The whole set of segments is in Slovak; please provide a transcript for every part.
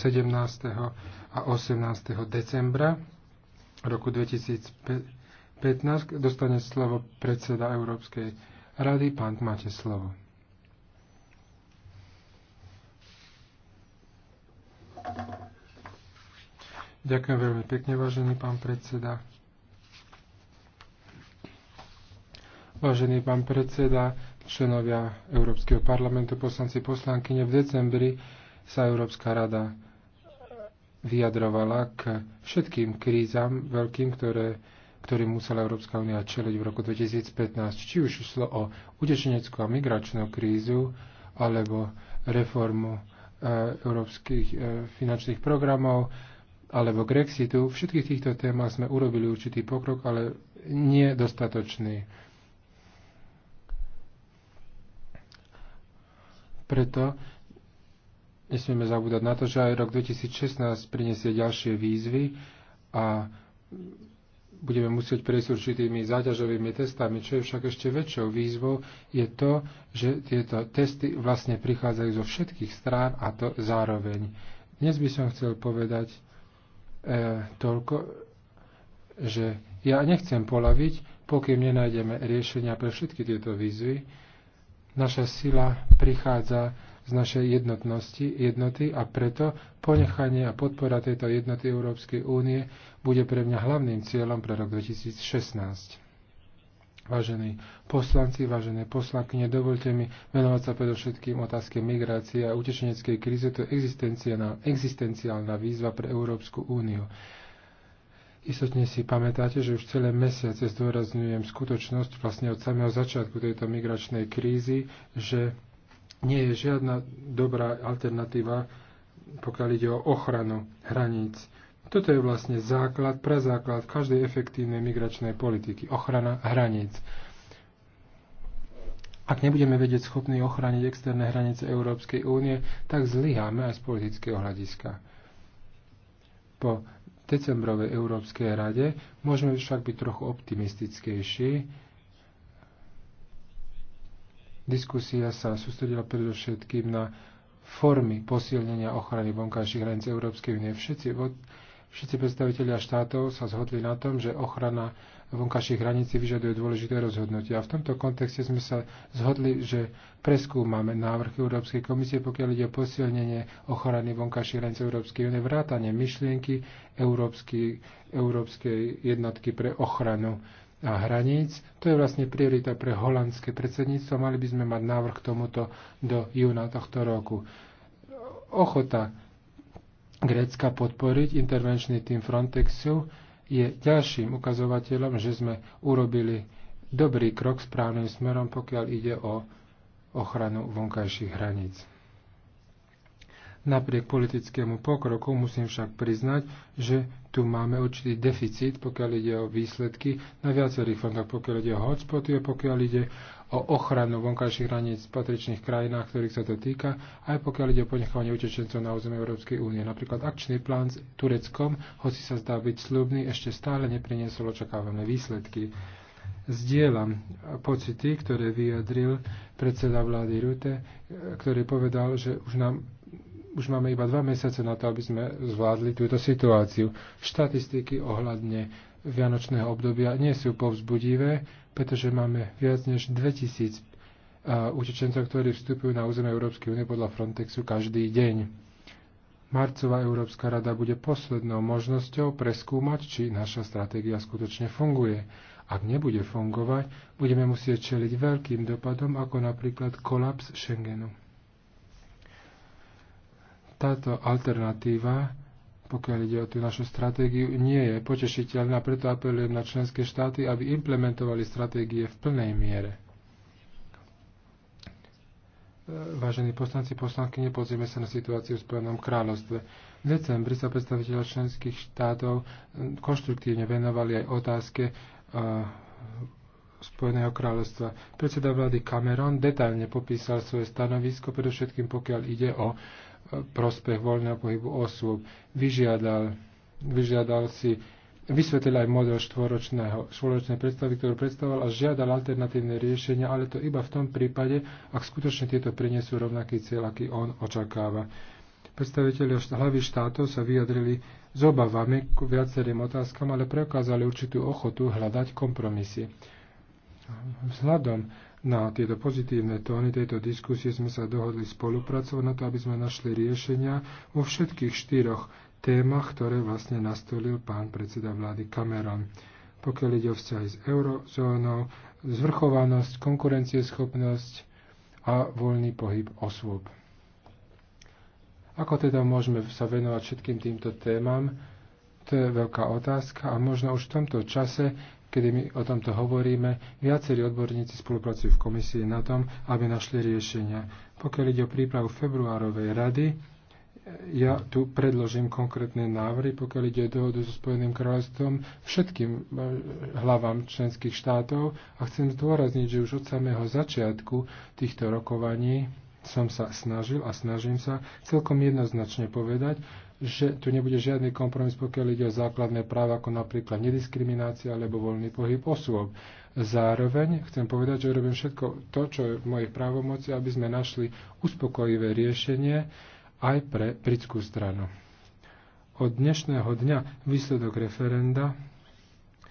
17. a 18. decembra roku 2015 dostane slovo predseda Európskej rady. Pán, máte slovo. Ďakujem veľmi pekne, vážený pán predseda. Vážený pán predseda, členovia Európskeho parlamentu, poslanci, poslankyne, v decembri sa Európska rada vyjadrovala k všetkým krízam veľkým, ktoré, ktorým musela Európska únia čeliť v roku 2015. Či už išlo o utečeneckú a migračnú krízu, alebo reformu e, európskych e, finančných programov, alebo Grexitu. V všetkých týchto témach sme urobili určitý pokrok, ale nie dostatočný. Preto nesmieme zabúdať na to, že aj rok 2016 prinesie ďalšie výzvy a budeme musieť prejsť určitými záťažovými testami. Čo je však ešte väčšou výzvou, je to, že tieto testy vlastne prichádzajú zo všetkých strán a to zároveň. Dnes by som chcel povedať e, toľko, že ja nechcem polaviť, pokým nenájdeme riešenia pre všetky tieto výzvy. Naša sila prichádza z našej jednotnosti, jednoty a preto ponechanie a podpora tejto jednoty Európskej únie bude pre mňa hlavným cieľom pre rok 2016. Vážení poslanci, vážené poslankyne, dovolte mi venovať sa predovšetkým otázke migrácie a utečeneckej kríze. To je existenciálna výzva pre Európsku úniu. Istotne si pamätáte, že už celé mesiace zdôrazňujem skutočnosť vlastne od samého začiatku tejto migračnej krízy, že nie je žiadna dobrá alternatíva, pokiaľ ide o ochranu hraníc. Toto je vlastne základ, prezáklad každej efektívnej migračnej politiky. Ochrana hraníc. Ak nebudeme vedieť schopní ochrániť externé hranice Európskej únie, tak zlyháme aj z politického hľadiska. Po decembrovej Európskej rade môžeme však byť trochu optimistickejší, Diskusia sa sústredila predovšetkým na formy posilnenia ochrany vonkajších hraníc Európskej únie. Všetci, všetci predstavitelia štátov sa zhodli na tom, že ochrana vonkajších hraníc vyžaduje dôležité rozhodnutie. A v tomto kontexte sme sa zhodli, že preskúmame návrh Európskej komisie, pokiaľ ide o posilnenie ochrany vonkajších hraníc Európskej únie, vrátanie myšlienky Európskej jednotky pre ochranu a hraníc. To je vlastne priorita pre holandské predsedníctvo. Mali by sme mať návrh k tomuto do júna tohto roku. Ochota Grécka podporiť intervenčný tým Frontexu je ďalším ukazovateľom, že sme urobili dobrý krok správnym smerom, pokiaľ ide o ochranu vonkajších hraníc. Napriek politickému pokroku musím však priznať, že tu máme určitý deficit, pokiaľ ide o výsledky na viacerých fondoch, pokiaľ ide o hotspoty a pokiaľ ide o ochranu vonkajších hraníc v patričných krajinách, ktorých sa to týka, aj pokiaľ ide o ponechávanie utečencov na území Európskej únie. Napríklad akčný plán s Tureckom, hoci sa zdá byť slubný, ešte stále nepriniesol očakávané výsledky. Zdieľam pocity, ktoré vyjadril predseda vlády Rute, ktorý povedal, že už nám už máme iba dva mesiace na to, aby sme zvládli túto situáciu. Štatistiky ohľadne vianočného obdobia nie sú povzbudivé, pretože máme viac než 2000 utečencov, ktorí vstupujú na územie Európskej únie podľa Frontexu každý deň. Marcová Európska rada bude poslednou možnosťou preskúmať, či naša stratégia skutočne funguje. Ak nebude fungovať, budeme musieť čeliť veľkým dopadom, ako napríklad kolaps Schengenu. Táto alternatíva, pokiaľ ide o tú našu stratégiu, nie je potešiteľná, preto apelujem na členské štáty, aby implementovali stratégie v plnej miere. Vážení poslanci, poslanky, nepozrieme sa na situáciu v Spojenom kráľovstve. V decembri sa predstaviteľa členských štátov hm, konštruktívne venovali aj otázke eh, Spojeného kráľovstva. Predseda vlády Cameron detailne popísal svoje stanovisko, predovšetkým pokiaľ ide o prospech voľného pohybu osôb. Vyžiadal, vyžiadal si vysvetlil aj model štvoročného, štvoročnej predstavy, ktorú predstavoval a žiadal alternatívne riešenia, ale to iba v tom prípade, ak skutočne tieto prinesú rovnaký cieľ, aký on očakáva. Predstaviteľi hlavy štátov sa vyjadrili s obavami k viacerým otázkam, ale preukázali určitú ochotu hľadať kompromisy. Vzhľadom na tieto pozitívne tóny tejto diskusie sme sa dohodli spolupracovať na to, aby sme našli riešenia vo všetkých štyroch témach, ktoré vlastne nastolil pán predseda vlády Cameron. Pokiaľ ide o vzťahy s eurozónou, zvrchovanosť, konkurencieschopnosť a voľný pohyb osôb. Ako teda môžeme sa venovať všetkým týmto témam? To je veľká otázka a možno už v tomto čase kedy my o tomto hovoríme, viacerí odborníci spolupracujú v komisii na tom, aby našli riešenia. Pokiaľ ide o prípravu februárovej rady, ja tu predložím konkrétne návrhy, pokiaľ ide o dohodu so Spojeným kráľovstvom, všetkým eh, hlavám členských štátov a chcem zdôrazniť, že už od samého začiatku týchto rokovaní som sa snažil a snažím sa celkom jednoznačne povedať, že tu nebude žiadny kompromis, pokiaľ ide o základné práva, ako napríklad nediskriminácia alebo voľný pohyb osôb. Zároveň chcem povedať, že robím všetko to, čo je v mojich právomoci, aby sme našli uspokojivé riešenie aj pre britskú stranu. Od dnešného dňa výsledok referenda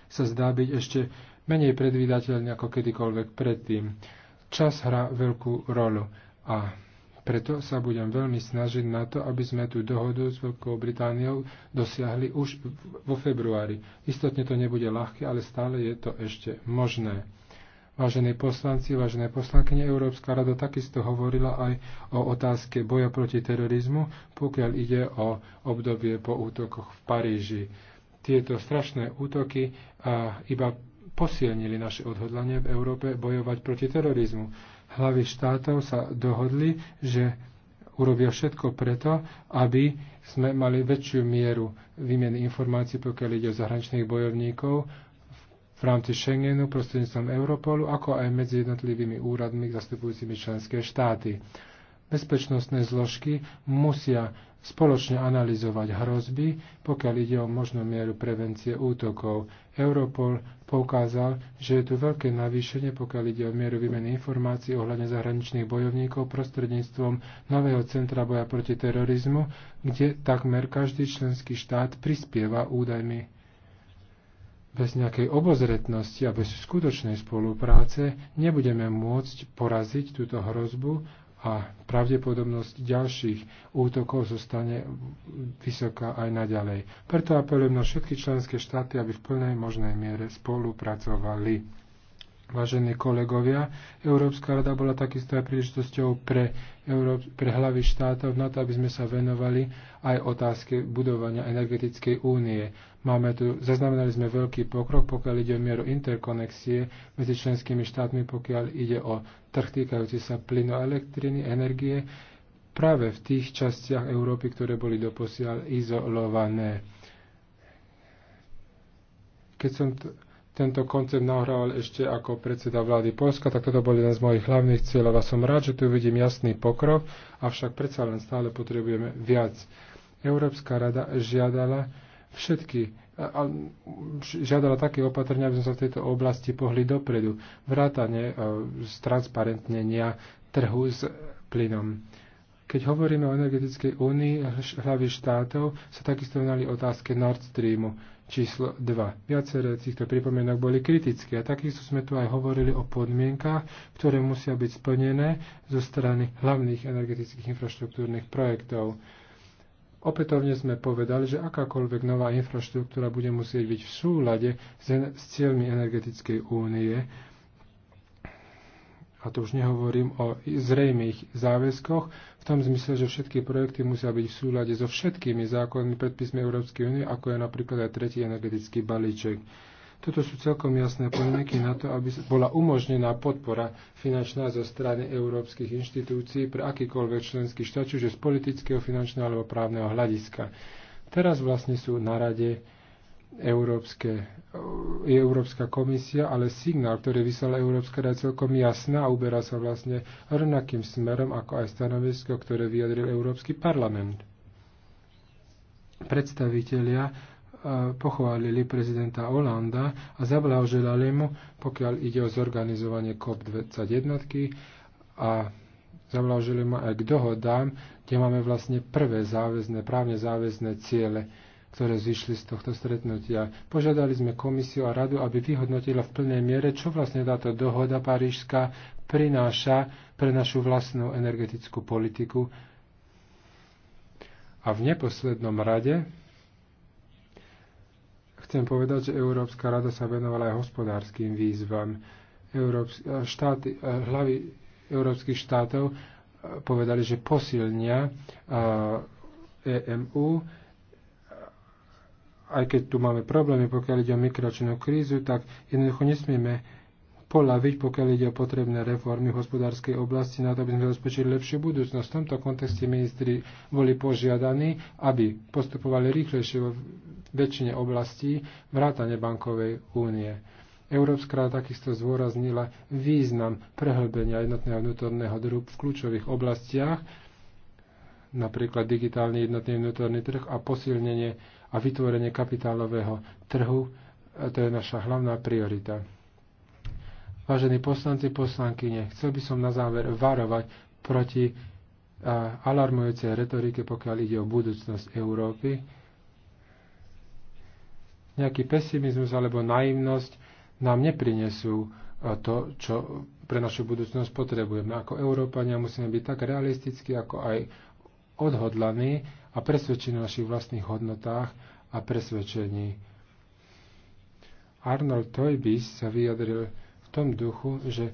sa zdá byť ešte menej predvídateľný ako kedykoľvek predtým. Čas hrá veľkú rolu a preto sa budem veľmi snažiť na to, aby sme tú dohodu s Veľkou Britániou dosiahli už vo februári. Istotne to nebude ľahké, ale stále je to ešte možné. Vážení poslanci, vážené poslankyne, Európska rada takisto hovorila aj o otázke boja proti terorizmu, pokiaľ ide o obdobie po útokoch v Paríži. Tieto strašné útoky iba posilnili naše odhodlanie v Európe bojovať proti terorizmu Hlavy štátov sa dohodli, že urobia všetko preto, aby sme mali väčšiu mieru výmeny informácií, pokiaľ ide o zahraničných bojovníkov v rámci Schengenu prostredníctvom Europolu, ako aj medzi jednotlivými úradmi zastupujúcimi členské štáty bezpečnostné zložky musia spoločne analyzovať hrozby, pokiaľ ide o možnú mieru prevencie útokov. Europol poukázal, že je tu veľké navýšenie, pokiaľ ide o mieru výmeny informácií ohľadne zahraničných bojovníkov prostredníctvom nového centra boja proti terorizmu, kde takmer každý členský štát prispieva údajmi bez nejakej obozretnosti a bez skutočnej spolupráce nebudeme môcť poraziť túto hrozbu a pravdepodobnosť ďalších útokov zostane vysoká aj naďalej. Preto apelujem na všetky členské štáty, aby v plnej možnej miere spolupracovali. Vážení kolegovia, Európska rada bola takisto aj príležitosťou pre, Európ- pre hlavy štátov na to, aby sme sa venovali aj otázke budovania energetickej únie. Máme tu, zaznamenali sme veľký pokrok, pokiaľ ide o mieru interkonexie medzi členskými štátmi, pokiaľ ide o trh týkajúci sa plynu elektriny, energie, práve v tých častiach Európy, ktoré boli doposiaľ izolované. Keď som t- tento koncept nahrával ešte ako predseda vlády Polska, tak toto bol jeden z mojich hlavných cieľov a som rád, že tu vidím jasný pokrok, avšak predsa len stále potrebujeme viac. Európska rada žiadala všetky a žiadala také opatrenia, aby sme sa v tejto oblasti pohli dopredu. Vrátane z e, transparentnenia trhu s plynom. Keď hovoríme o energetickej únii hlavy štátov, sa takisto venali otázke Nord Streamu číslo 2. Viaceré týchto pripomienok boli kritické a takisto sme tu aj hovorili o podmienkach, ktoré musia byť splnené zo strany hlavných energetických infraštruktúrnych projektov. Opätovne sme povedali, že akákoľvek nová infraštruktúra bude musieť byť v súlade s, cieľmi energetickej únie. A to už nehovorím o zrejmých záväzkoch, v tom zmysle, že všetky projekty musia byť v súlade so všetkými zákonmi predpismi Európskej únie, ako je napríklad aj tretí energetický balíček. Toto sú celkom jasné podmienky na to, aby bola umožnená podpora finančná zo strany európskych inštitúcií pre akýkoľvek členský štát, čiže z politického, finančného alebo právneho hľadiska. Teraz vlastne sú na rade Európske, Európska komisia, ale signál, ktorý vyslala Európska rada, je celkom jasná a uberá sa vlastne rovnakým smerom ako aj stanovisko, ktoré vyjadril Európsky parlament. Predstavitelia e, pochválili prezidenta Holanda a zablahoželali mu, pokiaľ ide o zorganizovanie COP21 a zablahoželili mu aj k dohodám, kde máme vlastne prvé záväzne, právne záväzne ciele ktoré zišli z tohto stretnutia. Požiadali sme komisiu a radu, aby vyhodnotila v plnej miere, čo vlastne táto dohoda parížska prináša pre našu vlastnú energetickú politiku. A v neposlednom rade chcem povedať, že Európska rada sa venovala aj hospodárským výzvam. Európs- štáty, hlavy európskych štátov povedali, že posilnia EMU aj keď tu máme problémy, pokiaľ ide o mikročnú krízu, tak jednoducho nesmieme polaviť, pokiaľ ide o potrebné reformy v hospodárskej oblasti, na to, aby sme zabezpečili lepšiu budúcnosť. V tomto kontexte ministri boli požiadaní, aby postupovali rýchlejšie vo väčšine oblastí vrátane bankovej únie. Európska takisto zdôraznila význam prehlbenia jednotného vnútorného druhu v kľúčových oblastiach, napríklad digitálny jednotný vnútorný trh a posilnenie a vytvorenie kapitálového trhu, e, to je naša hlavná priorita. Vážení poslanci, poslankyne, chcel by som na záver varovať proti e, alarmujúcej retorike, pokiaľ ide o budúcnosť Európy. Nejaký pesimizmus alebo naivnosť nám neprinesú e, to, čo pre našu budúcnosť potrebujeme. Ako Európania musíme byť tak realistickí, ako aj odhodlaní, a presvedčení o našich vlastných hodnotách a presvedčení. Arnold Toybis sa vyjadril v tom duchu, že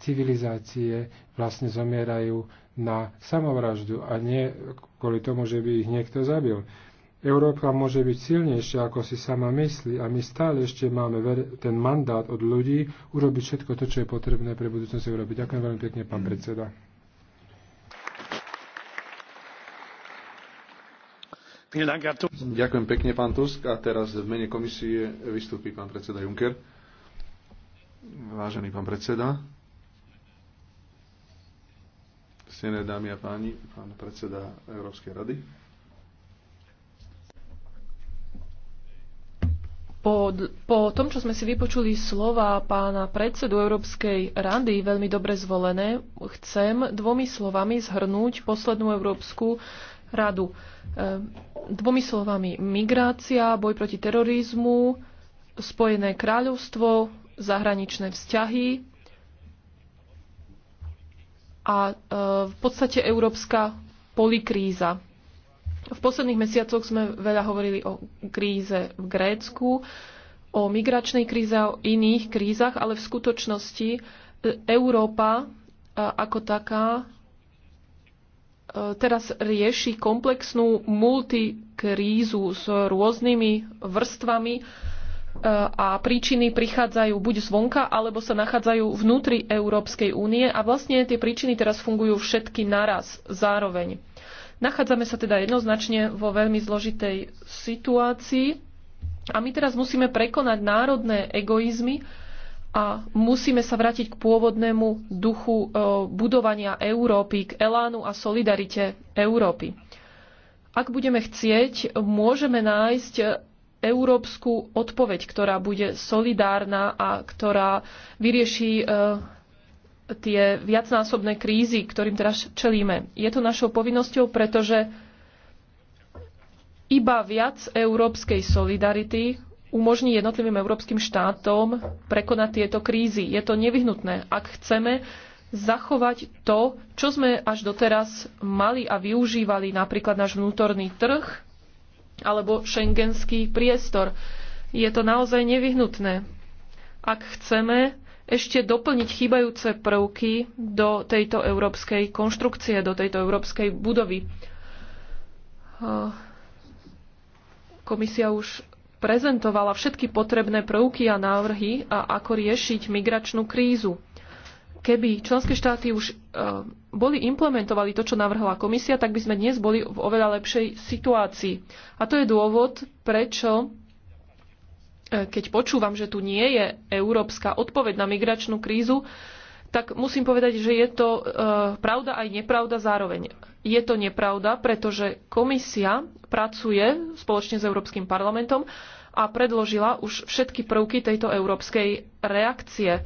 civilizácie vlastne zomierajú na samovraždu a nie kvôli tomu, že by ich niekto zabil. Európa môže byť silnejšia, ako si sama myslí a my stále ešte máme ten mandát od ľudí urobiť všetko to, čo je potrebné pre budúcnosť Európy. Ďakujem veľmi pekne, pán predseda. Ďakujem pekne, pán Tusk. A teraz v mene komisie vystúpi pán predseda Juncker. Vážený pán predseda, stené dámy a páni, pán predseda Európskej rady. Po, po tom, čo sme si vypočuli slova pána predsedu Európskej rady, veľmi dobre zvolené, chcem dvomi slovami zhrnúť poslednú európsku radu. E, Dvomi slovami, migrácia, boj proti terorizmu, Spojené kráľovstvo, zahraničné vzťahy a e, v podstate európska polikríza. V posledných mesiacoch sme veľa hovorili o kríze v Grécku, o migračnej kríze a o iných krízach, ale v skutočnosti e, Európa ako taká E, teraz rieši komplexnú multikrízu s rôznymi vrstvami e, a príčiny prichádzajú buď zvonka, alebo sa nachádzajú vnútri Európskej únie a vlastne tie príčiny teraz fungujú všetky naraz zároveň. Nachádzame sa teda jednoznačne vo veľmi zložitej situácii a my teraz musíme prekonať národné egoizmy a musíme sa vrátiť k pôvodnému duchu e, budovania Európy, k elánu a solidarite Európy. Ak budeme chcieť, môžeme nájsť európsku odpoveď, ktorá bude solidárna a ktorá vyrieši e, tie viacnásobné krízy, ktorým teraz čelíme. Je to našou povinnosťou, pretože iba viac európskej solidarity umožní jednotlivým európskym štátom prekonať tieto krízy. Je to nevyhnutné, ak chceme zachovať to, čo sme až doteraz mali a využívali, napríklad náš vnútorný trh alebo šengenský priestor. Je to naozaj nevyhnutné. Ak chceme ešte doplniť chýbajúce prvky do tejto európskej konštrukcie, do tejto európskej budovy. Komisia už prezentovala všetky potrebné prvky a návrhy, a ako riešiť migračnú krízu. Keby členské štáty už e, boli implementovali to, čo navrhla komisia, tak by sme dnes boli v oveľa lepšej situácii. A to je dôvod, prečo e, keď počúvam, že tu nie je európska odpoveď na migračnú krízu, tak musím povedať, že je to e, pravda aj nepravda zároveň. Je to nepravda, pretože komisia pracuje spoločne s Európskym parlamentom a predložila už všetky prvky tejto európskej reakcie.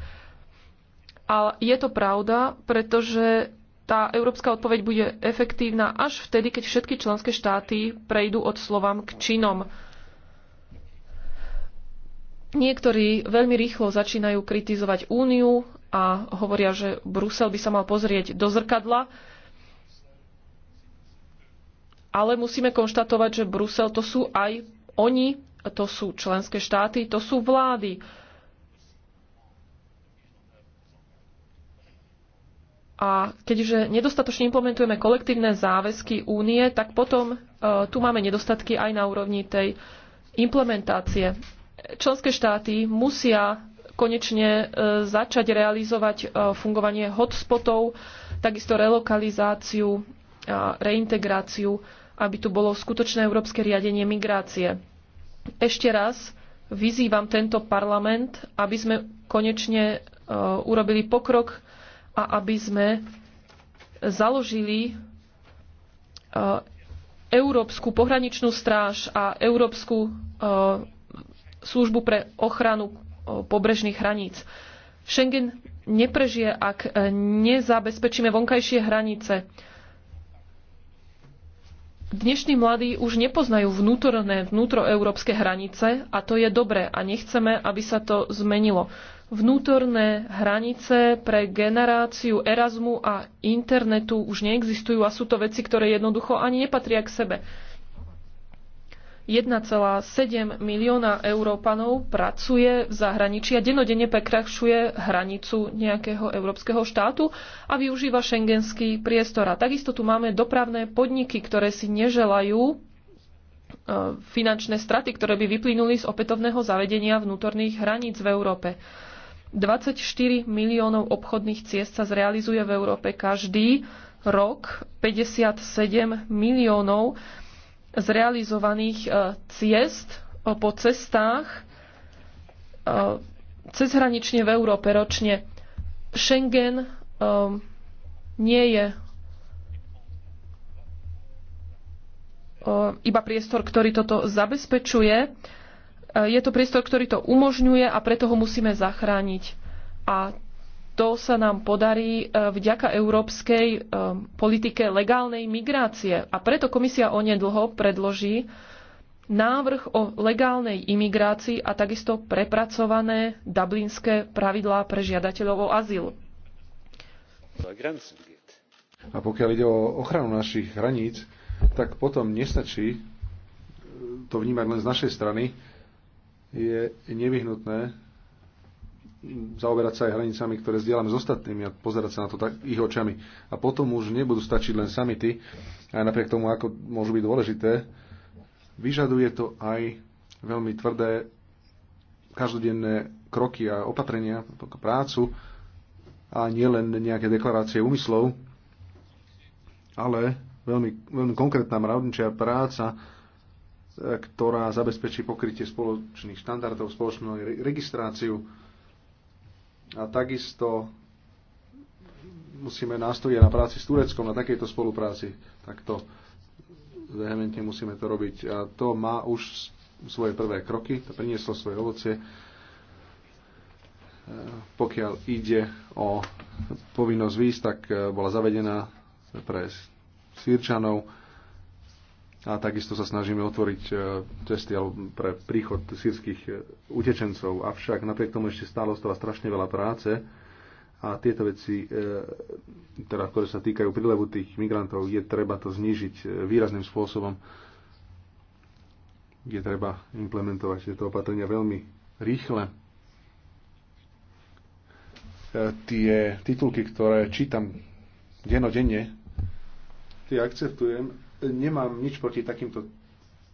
A je to pravda, pretože tá európska odpoveď bude efektívna až vtedy, keď všetky členské štáty prejdú od slovám k činom. Niektorí veľmi rýchlo začínajú kritizovať Úniu a hovoria, že Brusel by sa mal pozrieť do zrkadla ale musíme konštatovať, že Brusel to sú aj oni, to sú členské štáty, to sú vlády. A keďže nedostatočne implementujeme kolektívne záväzky únie, tak potom e, tu máme nedostatky aj na úrovni tej implementácie. Členské štáty musia konečne e, začať realizovať e, fungovanie hotspotov, takisto relokalizáciu, a reintegráciu aby tu bolo skutočné európske riadenie migrácie. Ešte raz vyzývam tento parlament, aby sme konečne e, urobili pokrok a aby sme založili e, Európsku pohraničnú stráž a Európsku e, službu pre ochranu pobrežných hraníc. Schengen neprežije, ak nezabezpečíme vonkajšie hranice. Dnešní mladí už nepoznajú vnútorné, vnútroeurópske hranice a to je dobré a nechceme, aby sa to zmenilo. Vnútorné hranice pre generáciu Erasmu a internetu už neexistujú a sú to veci, ktoré jednoducho ani nepatria k sebe. 1,7 milióna Európanov pracuje v zahraničí a denodene prekračuje hranicu nejakého európskeho štátu a využíva šengenský priestor. A takisto tu máme dopravné podniky, ktoré si neželajú e, finančné straty, ktoré by vyplynuli z opätovného zavedenia vnútorných hraníc v Európe. 24 miliónov obchodných ciest sa zrealizuje v Európe každý rok, 57 miliónov zrealizovaných e, ciest e, po cestách e, cezhranične v Európe ročne. Schengen nie je iba priestor, ktorý toto zabezpečuje. Je to priestor, ktorý to umožňuje a preto ho musíme zachrániť. A to sa nám podarí e, vďaka európskej e, politike legálnej migrácie. A preto komisia onedlho predloží návrh o legálnej imigrácii a takisto prepracované dublinské pravidlá pre žiadateľov o azyl. A pokiaľ ide o ochranu našich hraníc, tak potom nestačí e, to vnímať len z našej strany. Je nevyhnutné zaoberať sa aj hranicami, ktoré zdieľame s ostatnými a pozerať sa na to tak ich očami. A potom už nebudú stačiť len samity, aj napriek tomu, ako môžu byť dôležité, vyžaduje to aj veľmi tvrdé každodenné kroky a opatrenia, prácu a nielen nejaké deklarácie úmyslov, ale veľmi, veľmi konkrétna mravničia práca, e, ktorá zabezpečí pokrytie spoločných štandardov, spoločnú registráciu, a takisto musíme nástroje na práci s Tureckom, na takejto spolupráci, takto vehementne musíme to robiť. A to má už svoje prvé kroky, to prinieslo svoje ovocie, e, pokiaľ ide o povinnosť výz, tak e, bola zavedená pre Sýrčanov a takisto sa snažíme otvoriť e, cesty pre príchod sírskych e, utečencov. Avšak napriek tomu ešte stále ostáva strašne veľa práce a tieto veci, e, teda, ktoré sa týkajú prílevu tých migrantov, je treba to znížiť výrazným spôsobom. Je treba implementovať tieto opatrenia veľmi rýchle. Tie titulky, ktoré čítam denodenne, tie akceptujem, nemám nič proti takýmto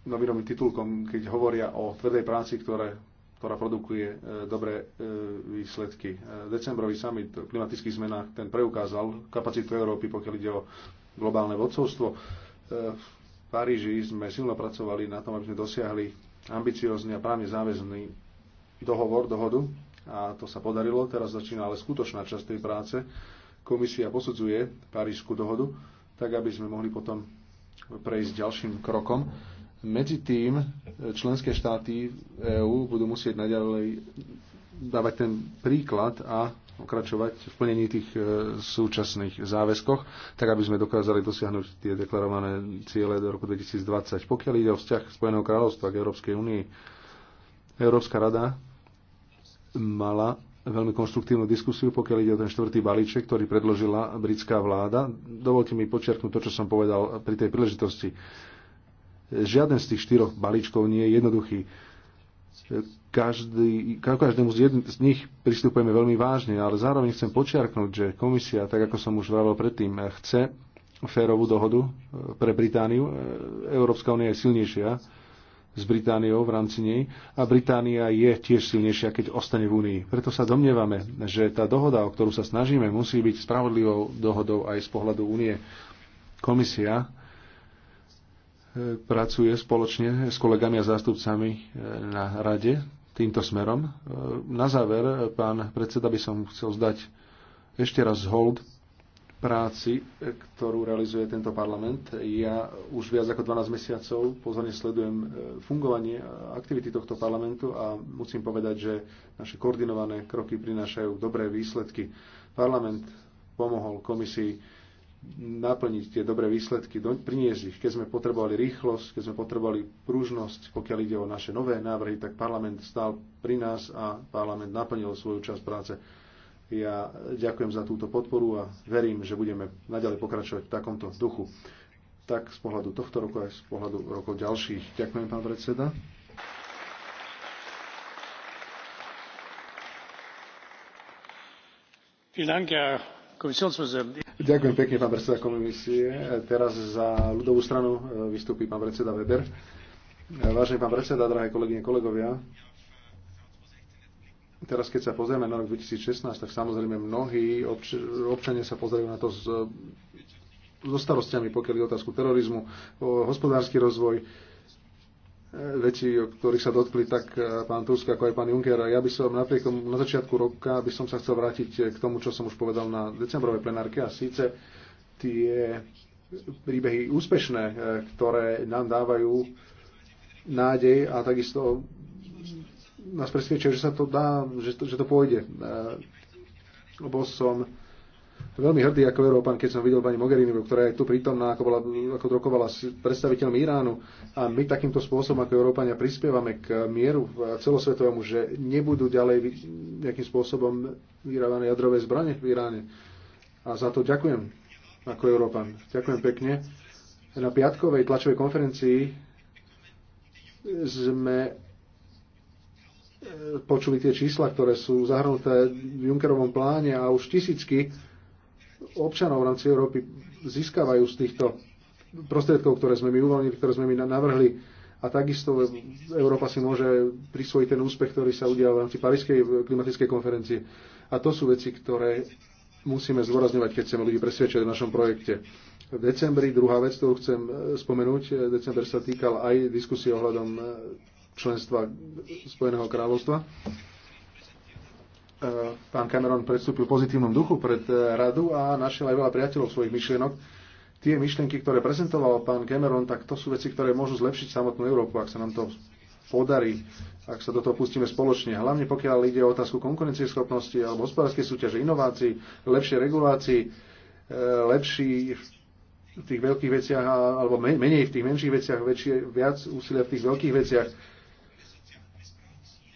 novinovým titulkom, keď hovoria o tvrdej práci, ktoré, ktorá produkuje e, dobré e, výsledky. E, decembrový summit o klimatických zmenách ten preukázal kapacitu Európy, pokiaľ ide o globálne vodcovstvo. V Paríži sme silno pracovali na tom, aby sme dosiahli ambiciózny a právne záväzný dohovor, dohodu a to sa podarilo. Teraz začína ale skutočná časť tej práce. Komisia posudzuje Parížskú dohodu, tak aby sme mohli potom prejsť ďalším krokom. Medzi tým e, členské štáty EÚ budú musieť naďalej dávať ten príklad a pokračovať v plnení tých e, súčasných záväzkoch, tak aby sme dokázali dosiahnuť tie deklarované ciele do roku 2020. Pokiaľ ide o vzťah Spojeného kráľovstva k Európskej únii, Európska rada mala veľmi konstruktívnu diskusiu, pokiaľ ide o ten štvrtý balíček, ktorý predložila britská vláda. Dovolte mi počiarknúť to, čo som povedal pri tej príležitosti. Žiaden z tých štyroch balíčkov nie je jednoduchý. Každý, každému z, jedn, z nich pristupujeme veľmi vážne, ale zároveň chcem počiarknúť, že komisia, tak ako som už vravel predtým, chce férovú dohodu eh, pre Britániu. Eh, Európska únia je silnejšia s Britániou v rámci nej a Británia je tiež silnejšia, keď ostane v Únii. Preto sa domnievame, že tá dohoda, o ktorú sa snažíme, musí byť spravodlivou dohodou aj z pohľadu Únie. Komisia e, pracuje spoločne s kolegami a zástupcami e, na rade týmto smerom. E, na záver, pán predseda, by som chcel zdať ešte raz hold práci, ktorú realizuje tento parlament. Ja už viac ako 12 mesiacov pozorne sledujem e, fungovanie a aktivity tohto parlamentu a musím povedať, že naše koordinované kroky prinášajú dobré výsledky. Parlament pomohol komisii naplniť tie dobré výsledky, priniesť ich. Keď sme potrebovali rýchlosť, keď sme potrebovali pružnosť, pokiaľ ide o naše nové návrhy, tak parlament stál pri nás a parlament naplnil svoju časť práce. Ja ďakujem za túto podporu a verím, že budeme naďalej pokračovať v takomto duchu. Tak z pohľadu tohto roku aj z pohľadu rokov ďalších. Ďakujem, pán predseda. Ďakujem pekne, pán predseda komisie. Teraz za ľudovú stranu vystúpi pán predseda Weber. Vážený pán predseda, drahé kolegyne, kolegovia, teraz keď sa pozrieme na rok 2016, tak samozrejme mnohí obč- občania sa pozerajú na to s, so starostiami, pokiaľ je otázku terorizmu, o hospodársky rozvoj, e, veci, o ktorých sa dotkli tak e, pán Tusk ako aj pán Juncker. A ja by som napriek tomu na začiatku roka by som sa chcel vrátiť e, k tomu, čo som už povedal na decembrovej plenárke a síce tie príbehy úspešné, ktoré nám dávajú nádej a takisto nás presvedčil, že sa to dá, že to, že to pôjde. E, lebo som veľmi hrdý ako Európan, keď som videl pani Mogherini, ktorá je tu prítomná, ako, bola, ako drokovala s predstaviteľmi Iránu. A my takýmto spôsobom ako Európania prispievame k mieru celosvetovému, že nebudú ďalej nejakým spôsobom vyrábané jadrové zbranie v Iráne. A za to ďakujem ako Európan. Ďakujem pekne. Na piatkovej tlačovej konferencii sme počuli tie čísla, ktoré sú zahrnuté v Junckerovom pláne a už tisícky občanov v rámci Európy získavajú z týchto prostriedkov, ktoré sme my uvoľnili, ktoré sme my navrhli. A takisto Európa si môže prisvojiť ten úspech, ktorý sa udial v rámci Parískej klimatickej konferencie. A to sú veci, ktoré musíme zdôrazňovať, keď chceme ľudí presvedčiať o našom projekte. V decembri druhá vec, ktorú chcem eh, spomenúť, eh, december sa týkal aj diskusie ohľadom eh, členstva Spojeného kráľovstva. E, pán Cameron predstúpil v pozitívnom duchu pred e, radu a našiel aj veľa priateľov svojich myšlienok. Tie myšlienky, ktoré prezentoval pán Cameron, tak to sú veci, ktoré môžu zlepšiť samotnú Európu, ak sa nám to podarí, ak sa do toho pustíme spoločne. Hlavne pokiaľ ide o otázku konkurencieschopnosti alebo hospodárskej súťaže, inovácií, lepšej regulácii, e, lepší v tých veľkých veciach alebo menej v tých menších veciach, väčšie, viac úsilia v tých veľkých veciach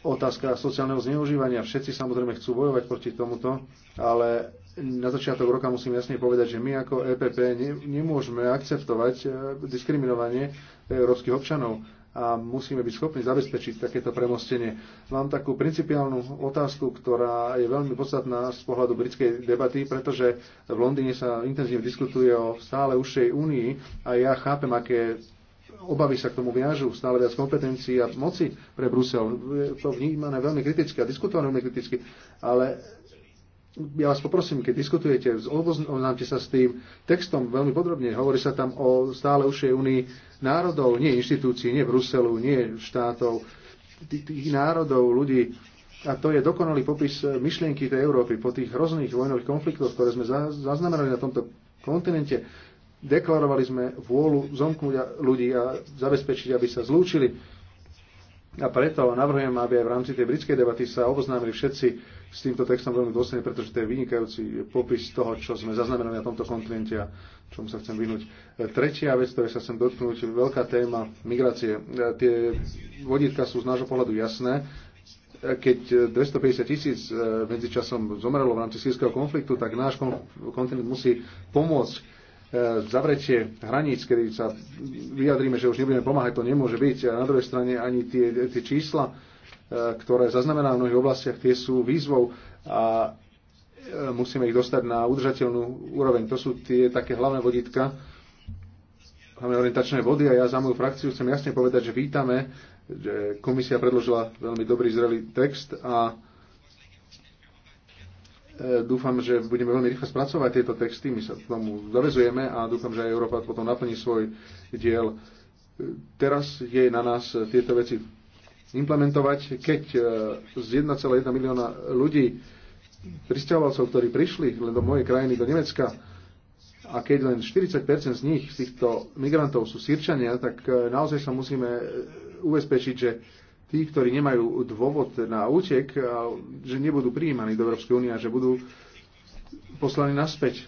otázka sociálneho zneužívania. Všetci samozrejme chcú bojovať proti tomuto, ale na začiatok roka musím jasne povedať, že my ako EPP ne, nemôžeme akceptovať e, diskriminovanie európskych občanov a musíme byť schopní zabezpečiť takéto premostenie. Mám takú principiálnu otázku, ktorá je veľmi podstatná z pohľadu britskej debaty, pretože v Londýne sa intenzívne diskutuje o stále užšej únii a ja chápem, aké obavy sa k tomu viažu, stále viac kompetencií a moci pre Brusel. Je to vnímané veľmi kriticky a diskutované veľmi kriticky, ale ja vás poprosím, keď diskutujete, oznámte sa s tým textom veľmi podrobne. Hovorí sa tam o stále užšej únii národov, nie inštitúcií, nie Bruselu, nie štátov, tých národov, ľudí. A to je dokonalý popis myšlienky tej Európy po tých hrozných vojnových konfliktoch, ktoré sme zaznamenali na tomto kontinente Deklarovali sme vôľu zomknúť ľudí a zabezpečiť, aby sa zlúčili. A preto navrhujem, aby aj v rámci tej britskej debaty sa oboznámili všetci s týmto textom veľmi dôsledne, pretože to je vynikajúci popis toho, čo sme zaznamenali na tomto kontinente a čomu sa chcem vyhnúť. Tretia vec, ktorej sa chcem dotknúť, veľká téma migrácie. Tie vodítka sú z nášho pohľadu jasné. Keď 250 tisíc eh, medzičasom zomrelo v rámci sírskeho konfliktu, tak náš kontinent musí pomôcť zavretie hraníc, kedy sa vyjadríme, že už nebudeme pomáhať, to nemôže byť. A na druhej strane ani tie, tie čísla, e, ktoré zaznamená v mnohých oblastiach, tie sú výzvou a e, musíme ich dostať na udržateľnú úroveň. To sú tie také hlavné vodítka, hlavné orientačné vody a ja za moju frakciu chcem jasne povedať, že vítame, že komisia predložila veľmi dobrý, zrelý text a E, dúfam, že budeme veľmi rýchlo spracovať tieto texty, my sa k tomu zavezujeme a dúfam, že aj Európa potom naplní svoj diel. E, teraz je na nás tieto veci implementovať, keď e, z 1,1 milióna ľudí, pristahovalcov, ktorí prišli len do mojej krajiny, do Nemecka, a keď len 40% z nich, z týchto migrantov sú sírčania, tak naozaj sa musíme ubezpečiť, že tí, ktorí nemajú dôvod na útek, že nebudú prijímaní do Európskej únie a že budú poslaní naspäť.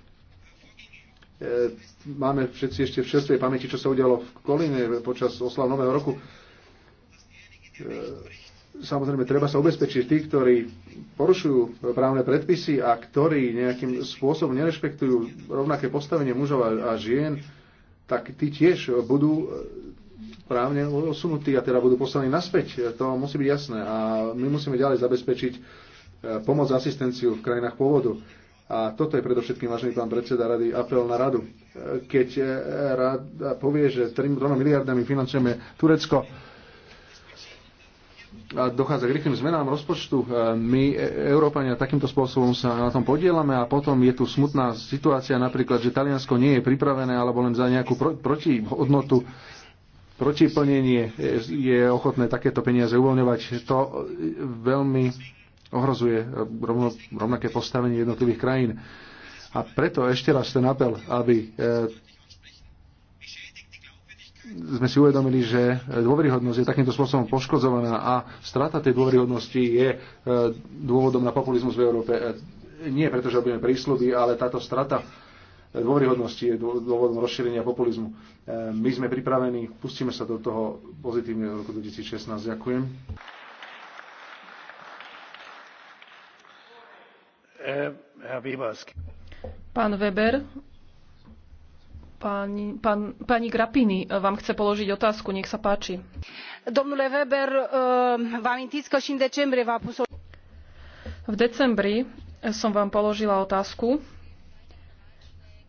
E, máme všetci ešte v šestej pamäti, čo sa udialo v Kolíne počas oslav Nového roku. E, samozrejme, treba sa ubezpečiť tí, ktorí porušujú právne predpisy a ktorí nejakým spôsobom nerešpektujú rovnaké postavenie mužov a žien, tak tí tiež budú právne odsunutí a teda budú poslaní naspäť. To musí byť jasné a my musíme ďalej zabezpečiť e, pomoc a asistenciu v krajinách pôvodu. A toto je predovšetkým, vážený pán predseda rady, apel na radu. E, keď e, rada povie, že 3 miliardami financujeme Turecko, a dochádza k rýchlym zmenám rozpočtu. My, Európania, takýmto spôsobom sa na tom podielame a potom je tu smutná situácia napríklad, že Taliansko nie je pripravené alebo len za nejakú pro- protihodnotu protiplnenie e, je ochotné takéto peniaze uvoľňovať. To e, veľmi ohrozuje e, rovno, rovnaké postavenie jednotlivých krajín. A preto ešte raz ten apel, aby sme si uvedomili, že dôveryhodnosť je takýmto spôsobom poškodzovaná a strata tej dôveryhodnosti je dôvodom na populizmus v Európe. Nie preto, že robíme prísluby, ale táto strata dôveryhodnosti, dôvodom rozšírenia populizmu. E, my sme pripravení, pustíme sa do toho pozitívne roku 2016. Ďakujem. E, Pán Weber, Pani, pan, pani Grapini e, vám chce položiť otázku, nech sa páči. Domnule Weber, vám intisko v V decembri som vám položila otázku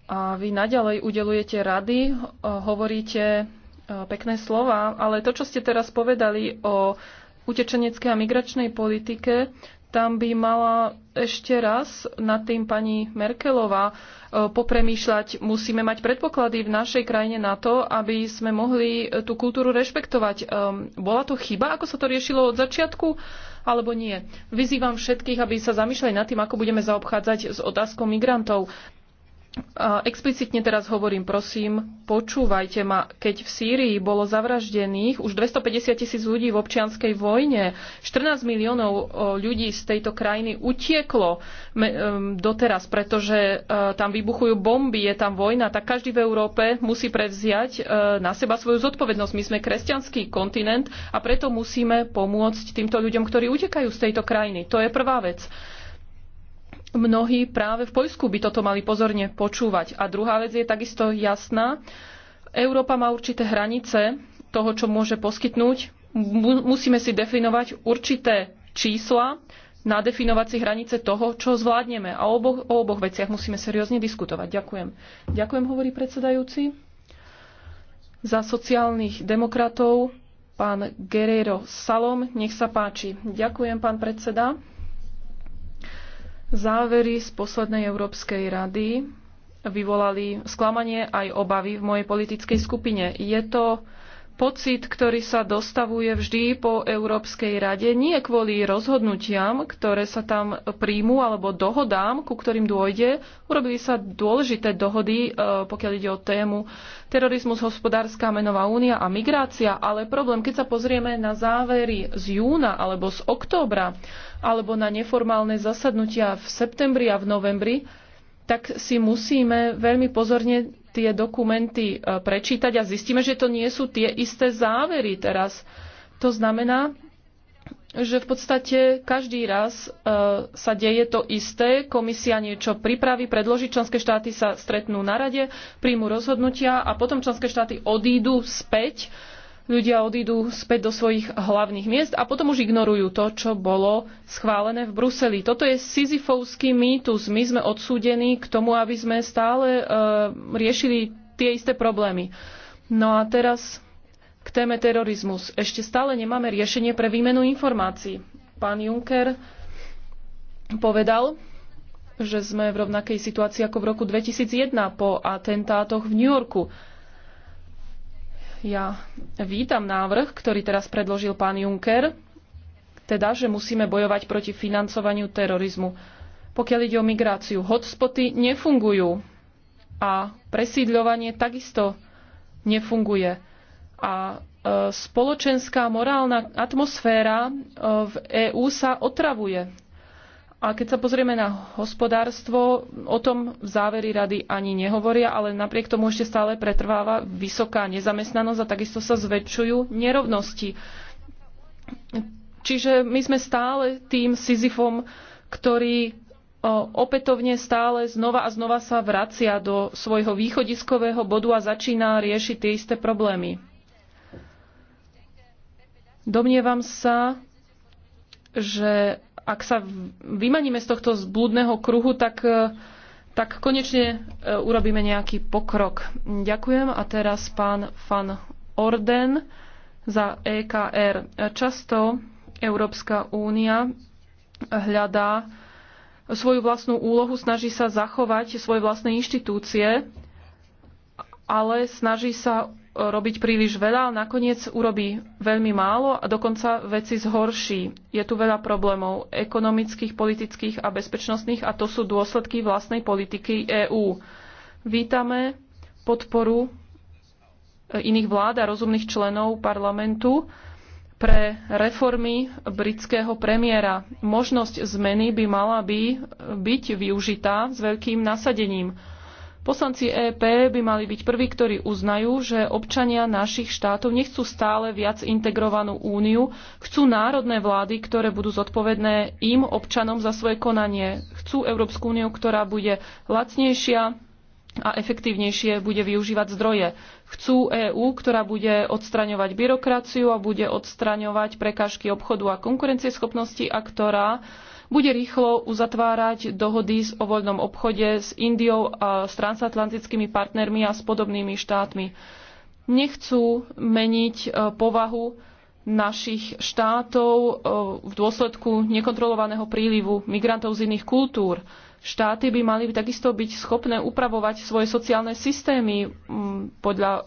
a vy naďalej udelujete rady, hovoríte pekné slova, ale to, čo ste teraz povedali o utečeneckej a migračnej politike, tam by mala ešte raz nad tým pani Merkelová popremýšľať. Musíme mať predpoklady v našej krajine na to, aby sme mohli e, tú kultúru rešpektovať. Ehm, bola to chyba, ako sa to riešilo od začiatku, alebo nie? Vyzývam všetkých, aby sa zamýšľali nad tým, ako budeme zaobchádzať s otázkou migrantov. Explicitne teraz hovorím, prosím, počúvajte ma, keď v Sýrii bolo zavraždených už 250 tisíc ľudí v občianskej vojne, 14 miliónov ľudí z tejto krajiny utieklo doteraz, pretože e, tam vybuchujú bomby, je tam vojna, tak každý v Európe musí prevziať e, na seba svoju zodpovednosť. My sme kresťanský kontinent a preto musíme pomôcť týmto ľuďom, ktorí utekajú z tejto krajiny. To je prvá vec mnohí práve v Poľsku by toto mali pozorne počúvať. A druhá vec je takisto jasná. Európa má určité hranice toho, čo môže poskytnúť. Musíme si definovať určité čísla, nadefinovať si hranice toho, čo zvládneme. A o oboch, o oboch veciach musíme seriózne diskutovať. Ďakujem. Ďakujem, hovorí predsedajúci. Za sociálnych demokratov pán Guerrero Salom. Nech sa páči. Ďakujem, pán predseda. Závery z poslednej Európskej rady vyvolali sklamanie aj obavy v mojej politickej skupine. Je to pocit, ktorý sa dostavuje vždy po Európskej rade, nie kvôli rozhodnutiam, ktoré sa tam príjmú alebo dohodám, ku ktorým dôjde. Urobili sa dôležité dohody, e, pokiaľ ide o tému terorizmus, hospodárska menová únia a migrácia, ale problém, keď sa pozrieme na závery z júna alebo z októbra, alebo na neformálne zasadnutia v septembri a v novembri, tak si musíme veľmi pozorne tie dokumenty e, prečítať a zistíme, že to nie sú tie isté závery teraz. To znamená, že v podstate každý raz e, sa deje to isté. Komisia niečo pripraví, predloží, členské štáty sa stretnú na rade, príjmu rozhodnutia a potom členské štáty odídu späť ľudia odídu späť do svojich hlavných miest a potom už ignorujú to, čo bolo schválené v Bruseli. Toto je Sisyfovský mýtus. My sme odsúdení k tomu, aby sme stále e, riešili tie isté problémy. No a teraz k téme terorizmus. Ešte stále nemáme riešenie pre výmenu informácií. Pán Juncker povedal, že sme v rovnakej situácii ako v roku 2001 po atentátoch v New Yorku. Ja vítam návrh, ktorý teraz predložil pán Juncker, teda, že musíme bojovať proti financovaniu terorizmu. Pokiaľ ide o migráciu, hotspoty nefungujú a presídľovanie takisto nefunguje. A e, spoločenská morálna atmosféra e, v EÚ sa otravuje. A keď sa pozrieme na hospodárstvo, o tom v závery rady ani nehovoria, ale napriek tomu ešte stále pretrváva vysoká nezamestnanosť a takisto sa zväčšujú nerovnosti. Čiže my sme stále tým Sisyfom, ktorý opätovne stále znova a znova sa vracia do svojho východiskového bodu a začína riešiť tie isté problémy. Domnievam sa, že ak sa vymaníme z tohto blúdneho kruhu, tak, e, tak konečne e, urobíme nejaký pokrok. Ďakujem a teraz pán Fan Orden za EKR. Často Európska únia hľadá svoju vlastnú úlohu, snaží sa zachovať svoje vlastné inštitúcie, ale snaží sa robiť príliš veľa, ale nakoniec urobí veľmi málo a dokonca veci zhorší. Je tu veľa problémov ekonomických, politických a bezpečnostných a to sú dôsledky vlastnej politiky EÚ. Vítame podporu e, iných vlád a rozumných členov parlamentu pre reformy britského premiéra. Možnosť zmeny by mala by e, byť využitá s veľkým nasadením Poslanci EP by mali byť prví, ktorí uznajú, že občania našich štátov nechcú stále viac integrovanú úniu, chcú národné vlády, ktoré budú zodpovedné im, občanom, za svoje konanie. Chcú Európsku úniu, ktorá bude lacnejšia, a efektívnejšie bude využívať zdroje. Chcú EÚ, ktorá bude odstraňovať byrokraciu a bude odstraňovať prekážky obchodu a konkurencieschopnosti a ktorá bude rýchlo uzatvárať dohody o voľnom obchode s Indiou a s transatlantickými partnermi a s podobnými štátmi. Nechcú meniť e, povahu našich štátov e, v dôsledku nekontrolovaného prílivu migrantov z iných kultúr. Štáty by mali takisto byť schopné upravovať svoje sociálne systémy podľa e,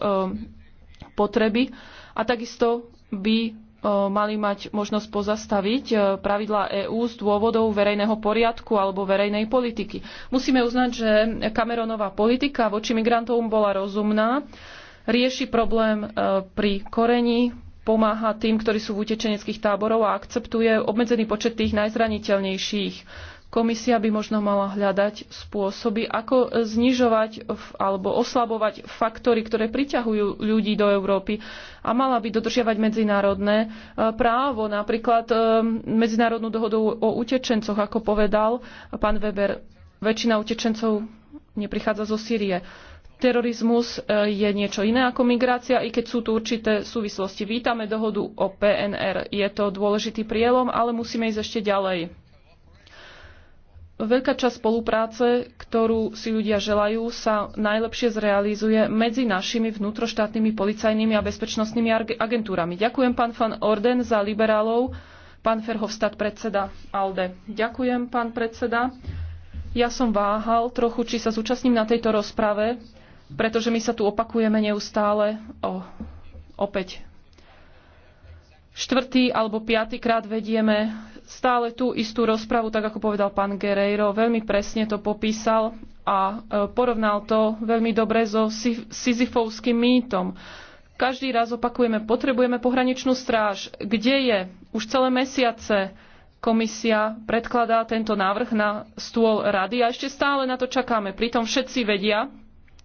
potreby a takisto by E, mali mať možnosť pozastaviť e, pravidlá EÚ z dôvodov verejného poriadku alebo verejnej politiky. Musíme uznať, že Cameronová politika voči migrantom bola rozumná, rieši problém e, pri koreni, pomáha tým, ktorí sú v utečeneckých táborov a akceptuje obmedzený počet tých najzraniteľnejších Komisia by možno mala hľadať spôsoby, ako znižovať alebo oslabovať faktory, ktoré priťahujú ľudí do Európy a mala by dodržiavať medzinárodné e, právo, napríklad e, medzinárodnú dohodu o utečencoch, ako povedal pán Weber. Väčšina utečencov neprichádza zo Sýrie. Terorizmus e, je niečo iné ako migrácia, i keď sú tu určité súvislosti. Vítame dohodu o PNR. Je to dôležitý prielom, ale musíme ísť ešte ďalej Veľká časť spolupráce, ktorú si ľudia želajú, sa najlepšie zrealizuje medzi našimi vnútroštátnymi policajnými a bezpečnostnými agentúrami. Ďakujem pán Van Orden za liberálov, pán Ferhovstad predseda ALDE. Ďakujem pán predseda. Ja som váhal trochu, či sa zúčastním na tejto rozprave, pretože my sa tu opakujeme neustále o, opäť štvrtý alebo piatýkrát vedieme stále tú istú rozpravu, tak ako povedal pán Guerreiro, veľmi presne to popísal a e, porovnal to veľmi dobre so Sisyfovským mýtom. Každý raz opakujeme, potrebujeme pohraničnú stráž. Kde je? Už celé mesiace komisia predkladá tento návrh na stôl rady a ešte stále na to čakáme. Pritom všetci vedia,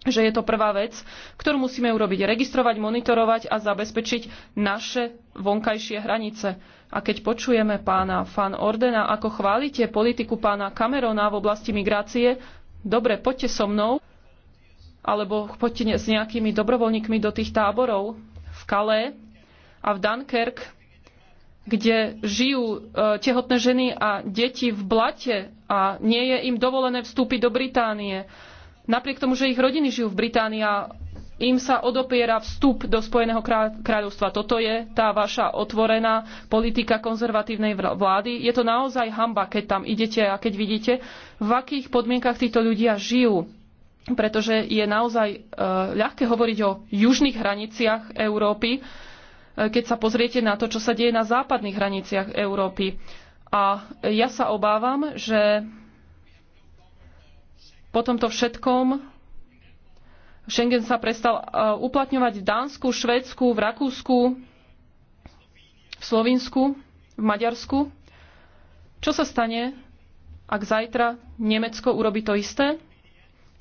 že je to prvá vec, ktorú musíme urobiť. Registrovať, monitorovať a zabezpečiť naše vonkajšie hranice a keď počujeme pána Fan Ordena, ako chválite politiku pána Camerona v oblasti migrácie, dobre, poďte so mnou, alebo poďte s nejakými dobrovoľníkmi do tých táborov v Calais a v Dunkirk, kde žijú e, tehotné ženy a deti v blate a nie je im dovolené vstúpiť do Británie. Napriek tomu, že ich rodiny žijú v Británii a im sa odopiera vstup do Spojeného kráľovstva. Toto je tá vaša otvorená politika konzervatívnej vlády. Je to naozaj hamba, keď tam idete a keď vidíte, v akých podmienkach títo ľudia žijú. Pretože je naozaj e, ľahké hovoriť o južných hraniciach Európy, e, keď sa pozriete na to, čo sa deje na západných hraniciach Európy. A ja sa obávam, že po tomto všetkom Schengen sa prestal eh, uplatňovať v Dánsku, Švédsku, v Rakúsku, v Slovinsku, v Maďarsku. Čo sa stane, ak zajtra Nemecko urobi to isté?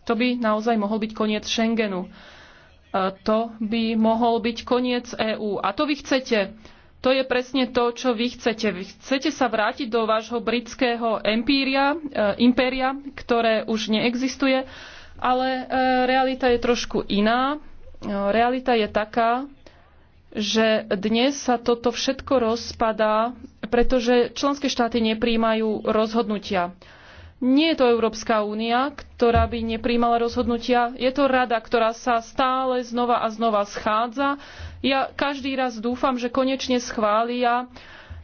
To by naozaj mohol byť koniec Schengenu. Eh, to by mohol byť koniec EÚ. A to vy chcete. To je presne to, čo vy chcete. Vy chcete sa vrátiť do vášho britského empíria, e, impéria, ktoré už neexistuje ale e, realita je trošku iná. E, realita je taká, že dnes sa toto všetko rozpadá, pretože členské štáty nepríjmajú rozhodnutia. Nie je to Európska únia, ktorá by nepríjmala rozhodnutia, je to rada, ktorá sa stále znova a znova schádza. Ja každý raz dúfam, že konečne schvália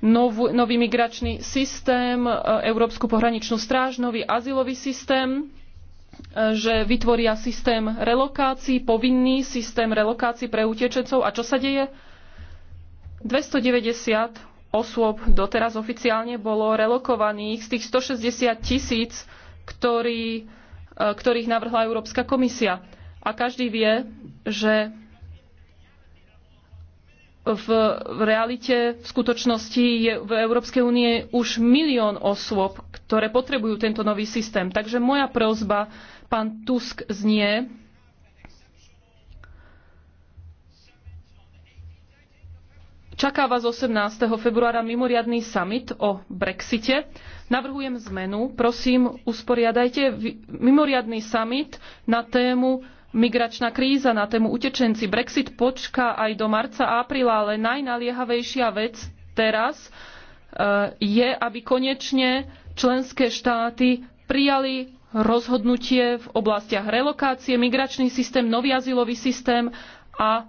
novú, nový migračný systém, e, Európsku pohraničnú stráž, nový azylový systém E, že vytvoria systém relokácií, povinný systém relokácií pre utečencov. A čo sa deje? 290 osôb doteraz oficiálne bolo relokovaných z tých 160 tisíc, ktorý, e, ktorých navrhla Európska komisia. A každý vie, že v realite, v skutočnosti je v Európskej únie už milión osôb, ktoré potrebujú tento nový systém. Takže moja prozba, pán Tusk, znie, Čaká vás 18. februára mimoriadný summit o Brexite. Navrhujem zmenu. Prosím, usporiadajte mimoriadný summit na tému Migračná kríza na tému utečenci Brexit počká aj do marca a apríla, ale najnaliehavejšia vec teraz eh, je, aby konečne členské štáty prijali rozhodnutie v oblastiach relokácie, migračný systém, nový azylový systém a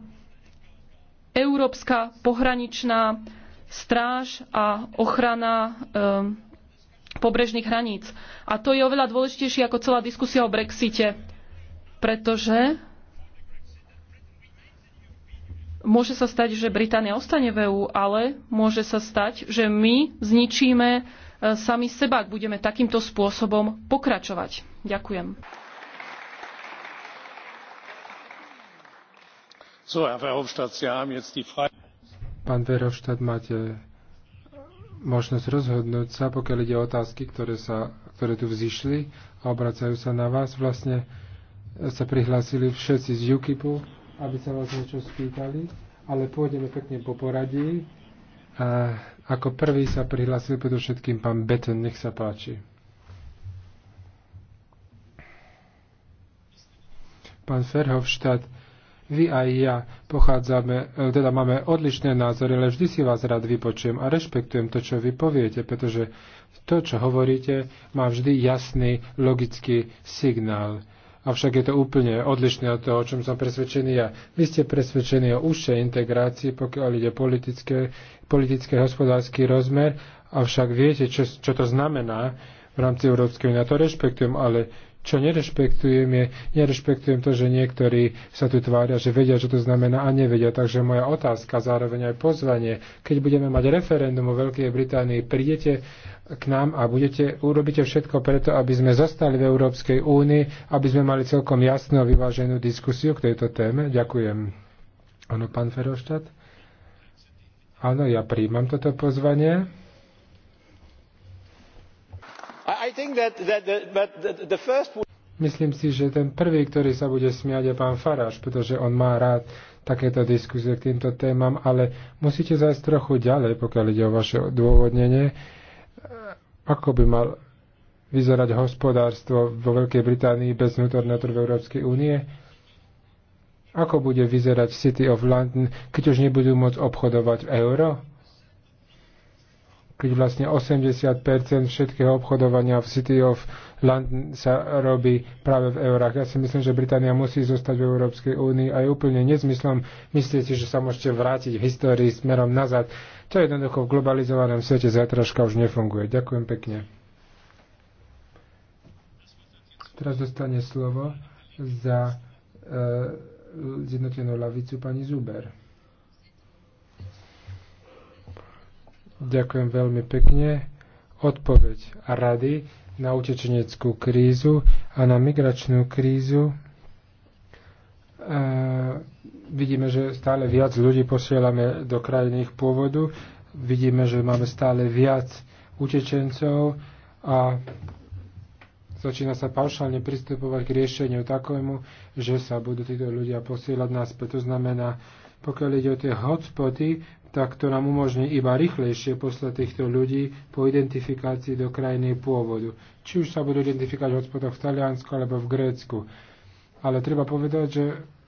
Európska pohraničná stráž a ochrana eh, pobrežných hraníc. A to je oveľa dôležitejšie ako celá diskusia o Brexite pretože môže sa stať, že Británia ostane v EÚ, ale môže sa stať, že my zničíme e, sami seba, ak budeme takýmto spôsobom pokračovať. Ďakujem. So, Herr Verhofstadt, Sie haben jetzt die Frage. Pán Verhofstadt, máte možnosť rozhodnúť sa, pokiaľ ide o otázky, ktoré, sa, ktoré tu vzýšli a obracajú sa na vás. Vlastne sa prihlásili všetci z UKIPu, aby sa vás niečo spýtali, ale pôjdeme pekne po poradí. A ako prvý sa prihlásil predovšetkým pán Beton, nech sa páči. Pán Ferhovštát, vy aj ja pochádzame, e, teda máme odlišné názory, ale vždy si vás rád vypočujem a rešpektujem to, čo vy poviete, pretože to, čo hovoríte, má vždy jasný logický signál avšak je to úplne odlišné od toho, o čom som presvedčený ja. Vy ste presvedčení o užšej integrácii, pokiaľ ide politické, politické hospodársky rozmer, avšak viete, čo, čo to znamená v rámci Európskej únie. Ja to rešpektujem, ale čo nerešpektujem je, nerešpektujem to, že niektorí sa tu tvária, že vedia, čo to znamená a nevedia. Takže moja otázka, zároveň aj pozvanie, keď budeme mať referendum o Veľkej Británii, prídete k nám a budete, urobíte všetko preto, aby sme zostali v Európskej únii, aby sme mali celkom jasnú a vyváženú diskusiu k tejto téme. Ďakujem. Áno, pán Feroštát? Áno, ja príjmam toto pozvanie. Myslím si, že ten prvý, ktorý sa bude smiať, je pán Faráš, pretože on má rád takéto diskusie k týmto témam, ale musíte zajsť trochu ďalej, pokiaľ ide o vaše odôvodnenie. Ako by mal vyzerať hospodárstvo vo Veľkej Británii bez vnútorného trhu Európskej únie? Ako bude vyzerať City of London, keď už nebudú môcť obchodovať euro? keď vlastne 80% všetkého obchodovania v City of London sa robí práve v eurách. Ja si myslím, že Británia musí zostať v Európskej únii a je úplne nezmyslom Myslíte si, že sa môžete vrátiť v histórii smerom nazad. To jednoducho v globalizovanom svete zajtražka už nefunguje. Ďakujem pekne. Teraz dostane slovo za e, zjednotenú lavicu pani Zuber. Ďakujem veľmi pekne. Odpoveď a rady na utečeneckú krízu a na migračnú krízu. E, vidíme, že stále viac ľudí posielame do krajných ich pôvodu. Vidíme, že máme stále viac utečencov a začína sa paušálne pristupovať k riešeniu takému, že sa budú títo ľudia posielať nás. To znamená, pokiaľ ide o tie hotspoty, tak to nám umožní iba rýchlejšie poslať týchto ľudí po identifikácii do krajiny pôvodu. Či už sa budú identifikovať v v Taliansku alebo v Grécku. Ale treba povedať, že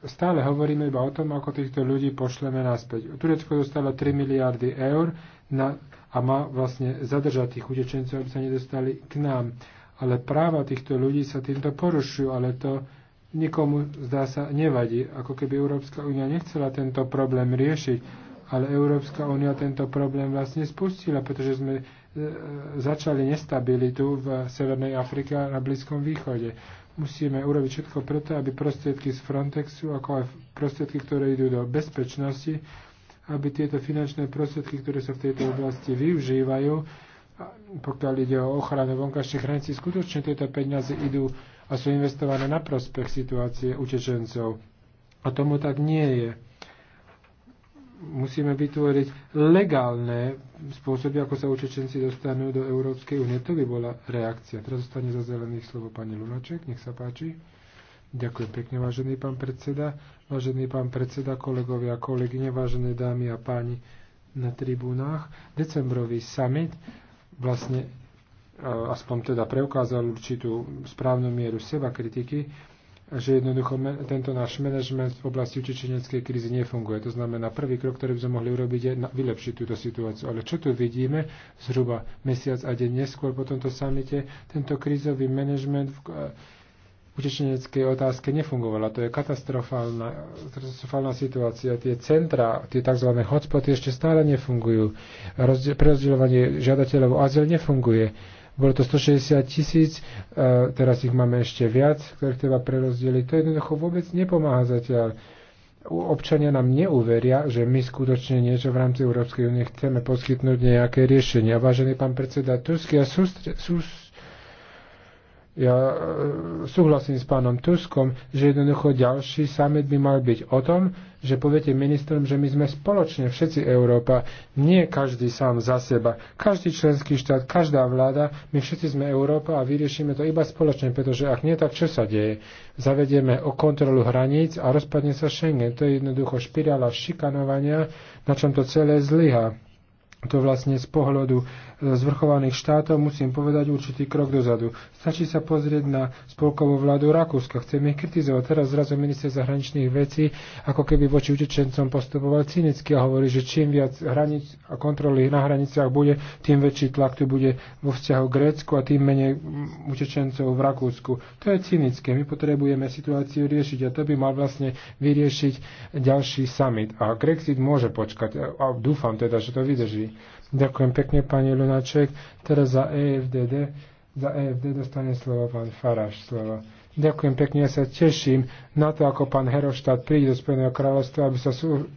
stále hovoríme iba o tom, ako týchto ľudí pošleme naspäť. Turecko dostalo 3 miliardy eur na, a má vlastne zadržať tých utečencov, aby sa nedostali k nám. Ale práva týchto ľudí sa týmto porušujú, ale to nikomu, zdá sa, nevadí. Ako keby Európska únia nechcela tento problém riešiť, ale Európska únia tento problém vlastne spustila, pretože sme e, začali nestabilitu v Severnej Afrike a na Blízkom východe. Musíme urobiť všetko preto, aby prostriedky z Frontexu, ako aj prostriedky, ktoré idú do bezpečnosti, aby tieto finančné prostriedky, ktoré sa v tejto oblasti využívajú, pokiaľ ide o ochranu vonkajších hraníc, skutočne tieto peniaze idú a sú investované na prospech situácie utečencov. A tomu tak nie je musíme vytvoriť legálne spôsoby, ako sa učečenci dostanú do Európskej únie. To by bola reakcia. Teraz zostane za zelených slovo pani Lunaček. Nech sa páči. Ďakujem pekne, vážený pán predseda. Vážený pán predseda, kolegovia a kolegyne, vážené dámy a páni na tribúnach. Decembrový summit vlastne e, aspoň teda preukázal určitú správnu mieru seba kritiky že jednoducho tento náš manažment v oblasti utečeneckej krízy nefunguje. To znamená, prvý krok, ktorý by sme mohli urobiť, je vylepšiť túto situáciu. Ale čo tu vidíme zhruba mesiac a deň neskôr po tomto samite, tento krízový manažment v utečeneckej otázke nefungovala. To je katastrofálna, katastrofálna situácia. Tie centra, tie tzv. hotspoty ešte stále nefungujú. Rozde- prerozdeľovanie žiadateľov o azyl nefunguje bolo to 160 tisíc, e, teraz ich máme ešte viac, ktorých treba prerozdeliť. To jednoducho vôbec nepomáha zatiaľ. Občania nám neuveria, že my skutočne niečo v rámci Európskej únie chceme poskytnúť nejaké riešenia. Vážený pán predseda Tusk, ja sústre, sústre, ja e, súhlasím s pánom Tuskom, že jednoducho ďalší summit by mal byť o tom, že poviete ministrom, že my sme spoločne, všetci Európa, nie každý sám za seba, každý členský štát, každá vláda, my všetci sme Európa a vyriešime to iba spoločne, pretože ak nie, tak čo sa deje? Zavedieme o kontrolu hraníc a rozpadne sa Schengen. To je jednoducho špirála šikanovania, na čom to celé zlyha. To vlastne z pohľadu zvrchovaných štátov, musím povedať určitý krok dozadu. Stačí sa pozrieť na spolkovú vládu Rakúska. Chcem ich kritizovať. Teraz zrazu minister zahraničných vecí ako keby voči utečencom postupoval cynicky a hovorí, že čím viac hraníc a kontroly na hraniciach bude, tým väčší tlak tu bude vo vzťahu Grécku a tým menej utečencov v Rakúsku. To je cynické. My potrebujeme situáciu riešiť a to by mal vlastne vyriešiť ďalší summit. A Grexit môže počkať a dúfam teda, že to vydrží. Ďakujem pekne, pani Lunaček. Teraz za EFDD, za EFD dostane slovo pán Faraš slovo. Ďakujem pekne, ja sa teším na to, ako pán Heroštát príde do Spojeného kráľovstva, aby sa, sú,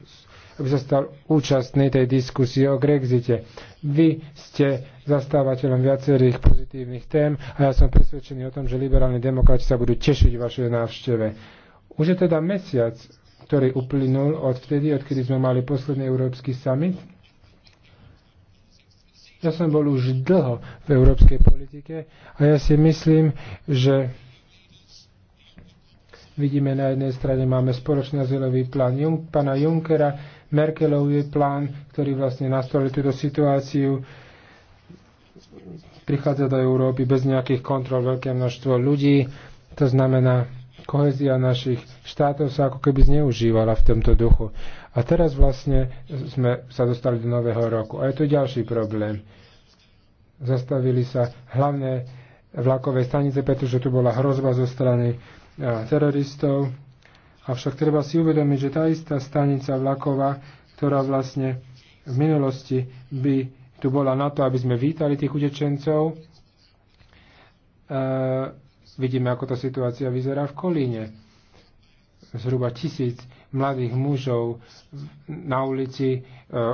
aby sa stal účastný tej diskusie o Grexite. Vy ste zastávateľom viacerých pozitívnych tém a ja som presvedčený o tom, že liberálni demokrati sa budú tešiť vašej návšteve. Už je teda mesiac, ktorý uplynul od vtedy, odkedy sme mali posledný európsky summit ja som bol už dlho v európskej politike a ja si myslím, že vidíme na jednej strane máme spoločný azylový plán Junk, pana Junckera, Merkelový plán, ktorý vlastne nastolil túto situáciu, prichádza do Európy bez nejakých kontrol veľké množstvo ľudí, to znamená, kohezia našich štátov sa ako keby zneužívala v tomto duchu. A teraz vlastne sme sa dostali do nového roku. A je to ďalší problém. Zastavili sa hlavné vlakové stanice, pretože tu bola hrozba zo strany e, teroristov. Avšak treba si uvedomiť, že tá istá stanica vlaková, ktorá vlastne v minulosti by tu bola na to, aby sme vítali tých utečencov, e, vidíme, ako tá situácia vyzerá v Kolíne. Zhruba tisíc mladých mužov na ulici e,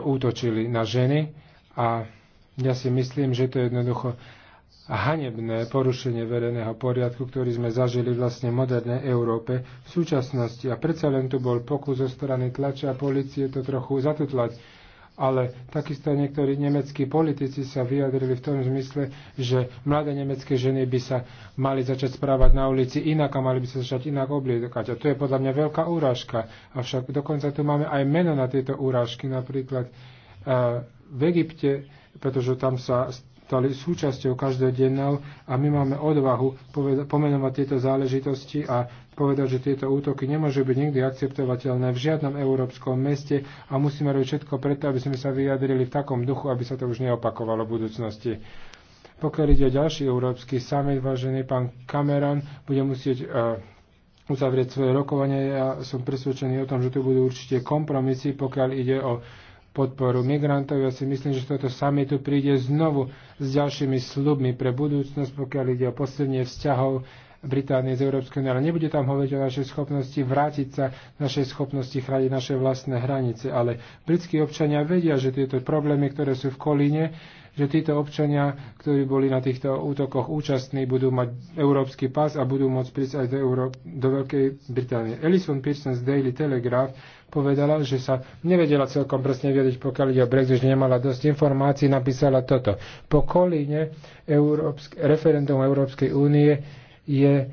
útočili na ženy a ja si myslím, že to je jednoducho hanebné porušenie verejného poriadku, ktorý sme zažili vlastne v modernej Európe v súčasnosti. A predsa len tu bol pokus zo strany tlače a policie to trochu zatutlať ale takisto niektorí nemeckí politici sa vyjadrili v tom zmysle, že mladé nemecké ženy by sa mali začať správať na ulici inak a mali by sa začať inak obliekať. A to je podľa mňa veľká úražka. Avšak dokonca tu máme aj meno na tieto úražky, napríklad eh, v Egypte, pretože tam sa stali súčasťou každodennou a my máme odvahu pomenovať tieto záležitosti a povedal, že tieto útoky nemôžu byť nikdy akceptovateľné v žiadnom európskom meste a musíme robiť všetko preto, aby sme sa vyjadrili v takom duchu, aby sa to už neopakovalo v budúcnosti. Pokiaľ ide o ďalší európsky summit, vážený pán Cameron bude musieť uh, uzavrieť svoje rokovanie. Ja som presvedčený o tom, že tu budú určite kompromisy, pokiaľ ide o podporu migrantov. Ja si myslím, že toto samitu príde znovu s ďalšími slubmi pre budúcnosť, pokiaľ ide o posilnenie vzťahov Británie z Európskej únie, ale nebude tam hovoriť o našej schopnosti vrátiť sa, našej schopnosti chrániť naše vlastné hranice. Ale britskí občania vedia, že tieto problémy, ktoré sú v Kolíne, že títo občania, ktorí boli na týchto útokoch účastní, budú mať európsky pás a budú môcť prísť aj do, Euró- do Veľkej Británie. Ellison Pearson z Daily Telegraph povedala, že sa nevedela celkom presne vedieť, pokiaľ ide o Brexit, že nemala dosť informácií, napísala toto. Po kolíne Európsk- referendum Európskej únie je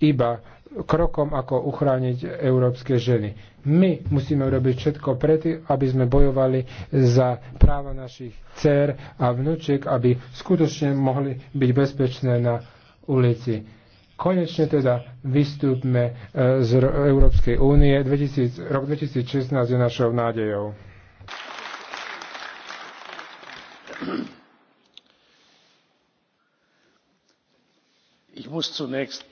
iba krokom, ako uchrániť európske ženy. My musíme urobiť všetko preto, aby sme bojovali za práva našich dcer a vnúčiek, aby skutočne mohli byť bezpečné na ulici konečne teda vystúpme e, z Európskej únie. 2000, rok 2016 je našou nádejou. ich muss zunächst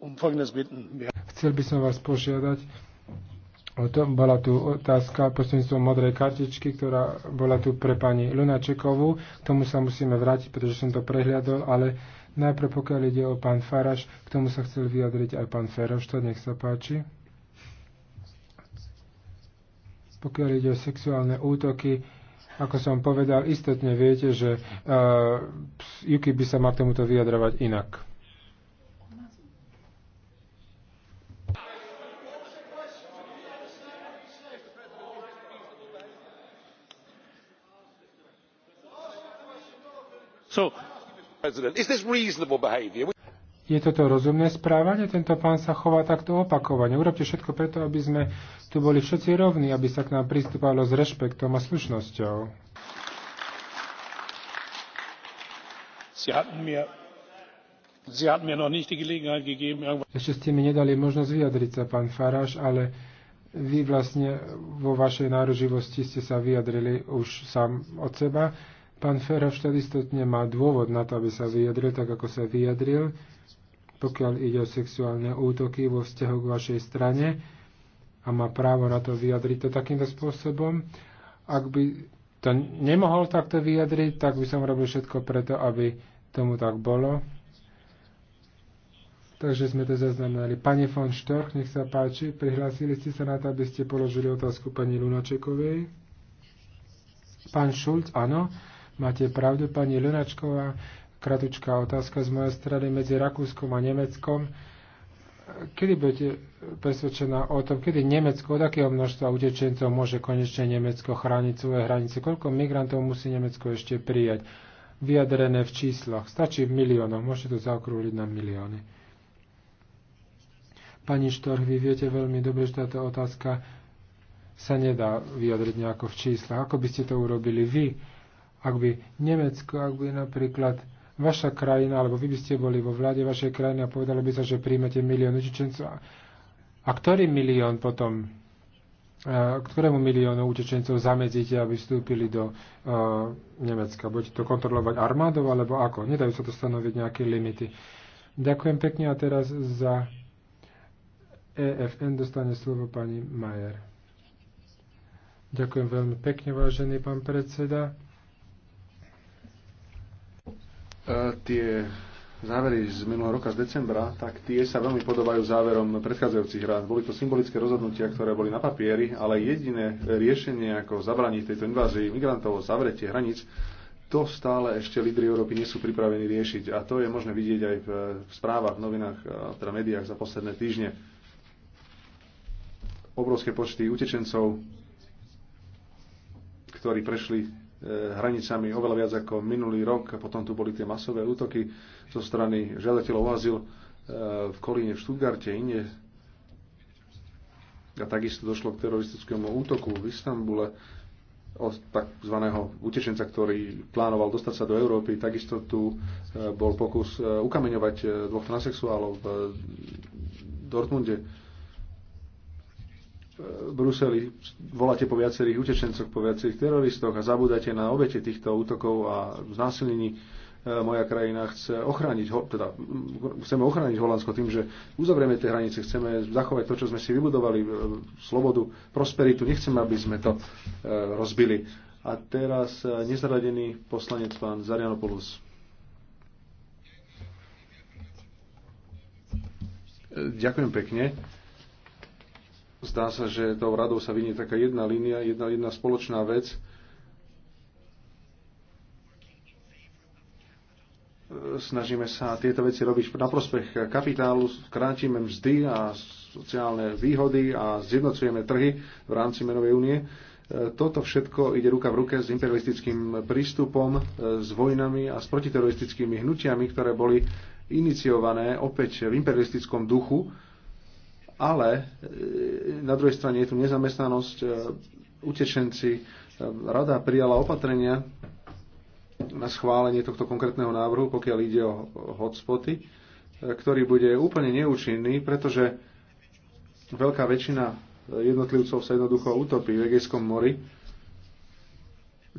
um folgendes bitten. Chcel by som vás požiadať, o to, bola tu otázka prostredníctvom modrej kartičky, ktorá bola tu pre pani Lunačekovú. K tomu sa musíme vrátiť, pretože som to prehliadol, ale najprv pokiaľ ide o pán Faraš, k tomu sa chcel vyjadriť aj pán to nech sa páči. Pokiaľ ide o sexuálne útoky, ako som povedal, istotne viete, že uh, e, Juki by sa mal k tomuto vyjadrovať inak. So, President, is this reasonable behavior? Je toto rozumné správanie? Tento pán sa chová takto opakovane. Urobte všetko preto, aby sme tu boli všetci rovní, aby sa k nám pristúpalo s rešpektom a slušnosťou. ešte ste mi nedali možnosť vyjadriť sa, pán Faráš, ale vy vlastne vo vašej nároživosti ste sa vyjadrili už sám od seba. Pán Feroš istotne má dôvod na to, aby sa vyjadril tak, ako sa vyjadril pokiaľ ide o sexuálne útoky vo vzťahu k vašej strane a má právo na to vyjadriť to takýmto spôsobom. Ak by to nemohol takto vyjadriť, tak by som robil všetko preto, aby tomu tak bolo. Takže sme to zaznamenali. Pani von Štorch, nech sa páči, prihlásili ste sa na to, aby ste položili otázku pani Lunačekovej. Pán Šulc, áno, máte pravdu, pani Lunačková kratučká otázka z mojej strany medzi Rakúskom a Nemeckom. Kedy budete presvedčená o tom, kedy Nemecko, od akého množstva utečencov môže konečne Nemecko chrániť svoje hranice? Koľko migrantov musí Nemecko ešte prijať? Vyjadrené v číslach. Stačí v miliónoch. Môžete to zaokrúliť na milióny. Pani Štorch, vy viete veľmi dobre, že táto otázka sa nedá vyjadriť nejako v číslach. Ako by ste to urobili vy? Ak by Nemecko, ak by napríklad vaša krajina, alebo vy by ste boli vo vláde vašej krajiny a povedalo by sa, že príjmete milión utečencov. A ktorý milión potom, ktorému miliónu utečencov zamedzíte, aby vstúpili do uh, Nemecka? Budete to kontrolovať armádou, alebo ako? Nedajú sa to stanoviť nejaké limity. Ďakujem pekne a teraz za EFN dostane slovo pani Majer. Ďakujem veľmi pekne, vážený pán predseda. E, tie závery z minulého roka, z decembra, tak tie sa veľmi podobajú záverom predchádzajúcich rád. Boli to symbolické rozhodnutia, ktoré boli na papieri, ale jediné riešenie, ako zabraniť tejto invázii migrantov, zavretie hraníc, to stále ešte lídry Európy nie sú pripravení riešiť. A to je možné vidieť aj v správach, v novinách, teda médiách za posledné týždne. Obrovské počty utečencov, ktorí prešli E, hranicami oveľa viac ako minulý rok. Potom tu boli tie masové útoky zo strany žiadateľov azyl e, v Kolíne, v Štutgarte, inde. A takisto došlo k teroristickému útoku v Istambule od tzv. utečenca, ktorý plánoval dostať sa do Európy. Takisto tu e, bol pokus ukameňovať dvoch transexuálov v Dortmunde Bruseli voláte po viacerých utečencoch, po viacerých teroristoch a zabúdate na obete týchto útokov a znásilnení. E, moja krajina chce ochrániť, teda chceme ochrániť Holandsko tým, že uzavrieme tie hranice, chceme zachovať to, čo sme si vybudovali, e, slobodu, prosperitu, nechceme, aby sme to e, rozbili. A teraz nezaradený poslanec pán Zarianopoulos. Ďakujem pekne Zdá sa, že tou radou sa vynie taká jedna línia, jedna, jedna spoločná vec. Snažíme sa tieto veci robiť na prospech kapitálu, krátime mzdy a sociálne výhody a zjednocujeme trhy v rámci menovej únie. Toto všetko ide ruka v ruke s imperialistickým prístupom, s vojnami a s protiteroristickými hnutiami, ktoré boli iniciované opäť v imperialistickom duchu ale e, na druhej strane je tu nezamestnanosť, e, utečenci. E, Rada prijala opatrenia na schválenie tohto konkrétneho návrhu, pokiaľ ide o hotspoty, ktorý bude úplne neúčinný, pretože veľká väčšina jednotlivcov sa jednoducho utopí v Egejskom mori.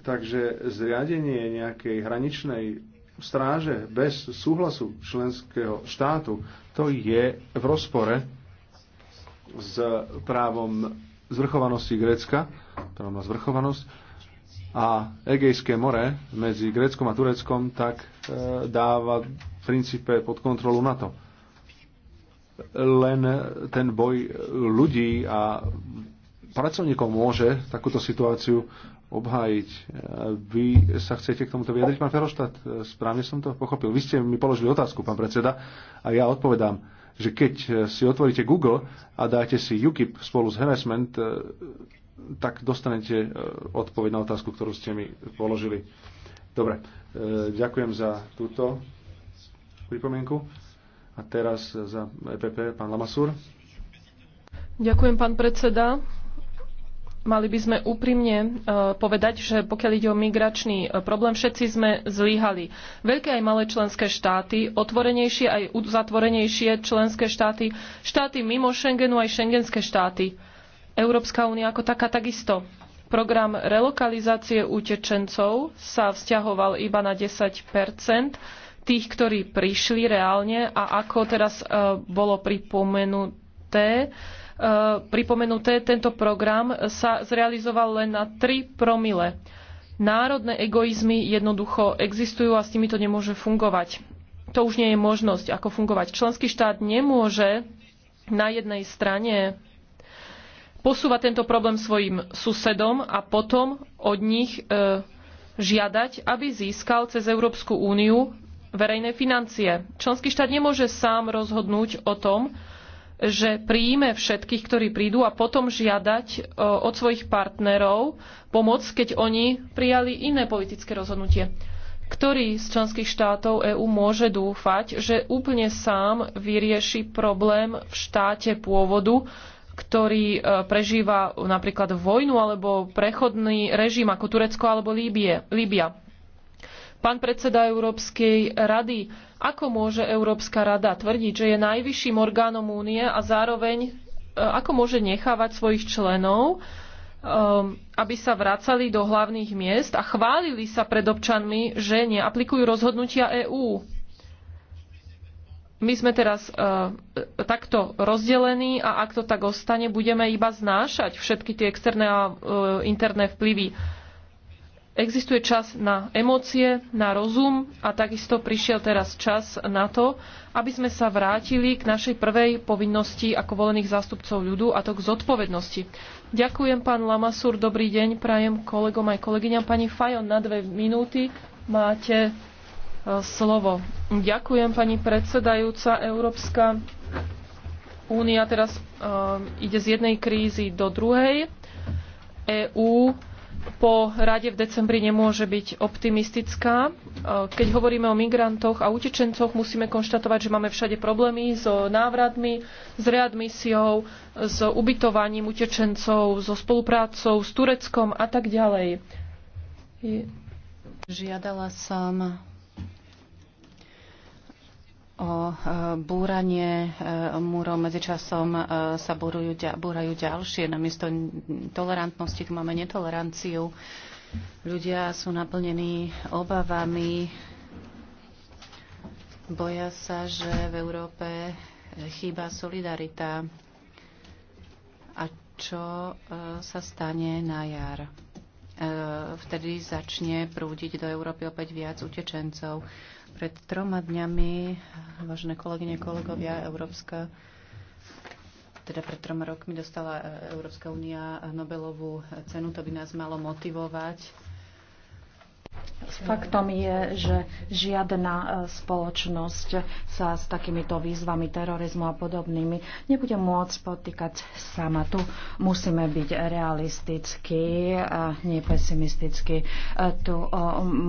Takže zriadenie nejakej hraničnej stráže bez súhlasu členského štátu, to je v rozpore s právom zvrchovanosti Grécka, právom na zvrchovanosť, a Egejské more medzi Gréckom a Tureckom tak e, dáva v princípe pod kontrolu NATO. Len ten boj ľudí a pracovníkov môže takúto situáciu obhájiť. E, vy sa chcete k tomuto vyjadriť, pán Feroštát? E, správne som to pochopil. Vy ste mi položili otázku, pán predseda, a ja odpovedám že keď eh, si otvoríte Google a dáte si UKIP spolu s harassment, eh, tak dostanete eh, odpoveď na otázku, ktorú ste mi položili. Dobre, ďakujem za túto pripomienku. A teraz za EPP pán Lamasúr. Ďakujem, pán predseda. Mali by sme úprimne e, povedať, že pokiaľ ide o migračný e, problém, všetci sme zlyhali. Veľké aj malé členské štáty, otvorenejšie aj uzatvorenejšie členské štáty, štáty mimo Schengenu aj šengenské štáty. Európska únia ako taká takisto. Program relokalizácie utečencov sa vzťahoval iba na 10 tých, ktorí prišli reálne a ako teraz e, bolo pripomenuté, Eh, pripomenuté, tento program sa zrealizoval len na 3 promile. Národné egoizmy jednoducho existujú a s nimi to nemôže fungovať. To už nie je možnosť, ako fungovať. Členský štát nemôže na jednej strane posúvať tento problém svojim susedom a potom od nich e, žiadať, aby získal cez Európsku úniu verejné financie. Členský štát nemôže sám rozhodnúť o tom, že príjme všetkých, ktorí prídu a potom žiadať e, od svojich partnerov pomoc, keď oni prijali iné politické rozhodnutie. Ktorý z členských štátov EÚ môže dúfať, že úplne sám vyrieši problém v štáte pôvodu, ktorý e, prežíva napríklad vojnu alebo prechodný režim ako Turecko alebo Líbie, Líbia. Pán predseda Európskej rady, ako môže Európska rada tvrdiť, že je najvyšším orgánom únie a zároveň e, ako môže nechávať svojich členov, e, aby sa vracali do hlavných miest a chválili sa pred občanmi, že neaplikujú rozhodnutia EÚ? my sme teraz e, takto rozdelení a ak to tak ostane, budeme iba znášať všetky tie externé a interné vplyvy. Existuje čas na emócie, na rozum a takisto prišiel teraz čas na to, aby sme sa vrátili k našej prvej povinnosti ako volených zástupcov ľudu a to k zodpovednosti. Ďakujem pán Lamasur, dobrý deň, prajem kolegom aj kolegyňam. Pani Fajon, na dve minúty máte e, slovo. Ďakujem pani predsedajúca Európska únia teraz um, ide z jednej krízy do druhej. EÚ po rade v decembri nemôže byť optimistická. E, keď hovoríme o migrantoch a utečencoch, musíme konštatovať, že máme všade problémy s návratmi, s readmisiou, s ubytovaním utečencov, so spoluprácou s Tureckom a tak ďalej. Žiadala som o e, búranie e, múrov. Medzičasom e, sa búrujú, búrajú ďalšie. Namiesto tolerantnosti tu máme netoleranciu. Ľudia sú naplnení obavami. Boja sa, že v Európe chýba solidarita. A čo sa stane na jar? Vtedy začne prúdiť do Európy opäť viac utečencov pred troma dňami, vážené kolegyne, kolegovia, Európska teda pred troma rokmi dostala e, Európska únia Nobelovú cenu. To by nás malo motivovať Faktom je, že žiadna e, spoločnosť sa s takýmito výzvami terorizmu a podobnými nebude môcť potýkať sama. Tu musíme byť realistickí a pesimistickí. E, tu e,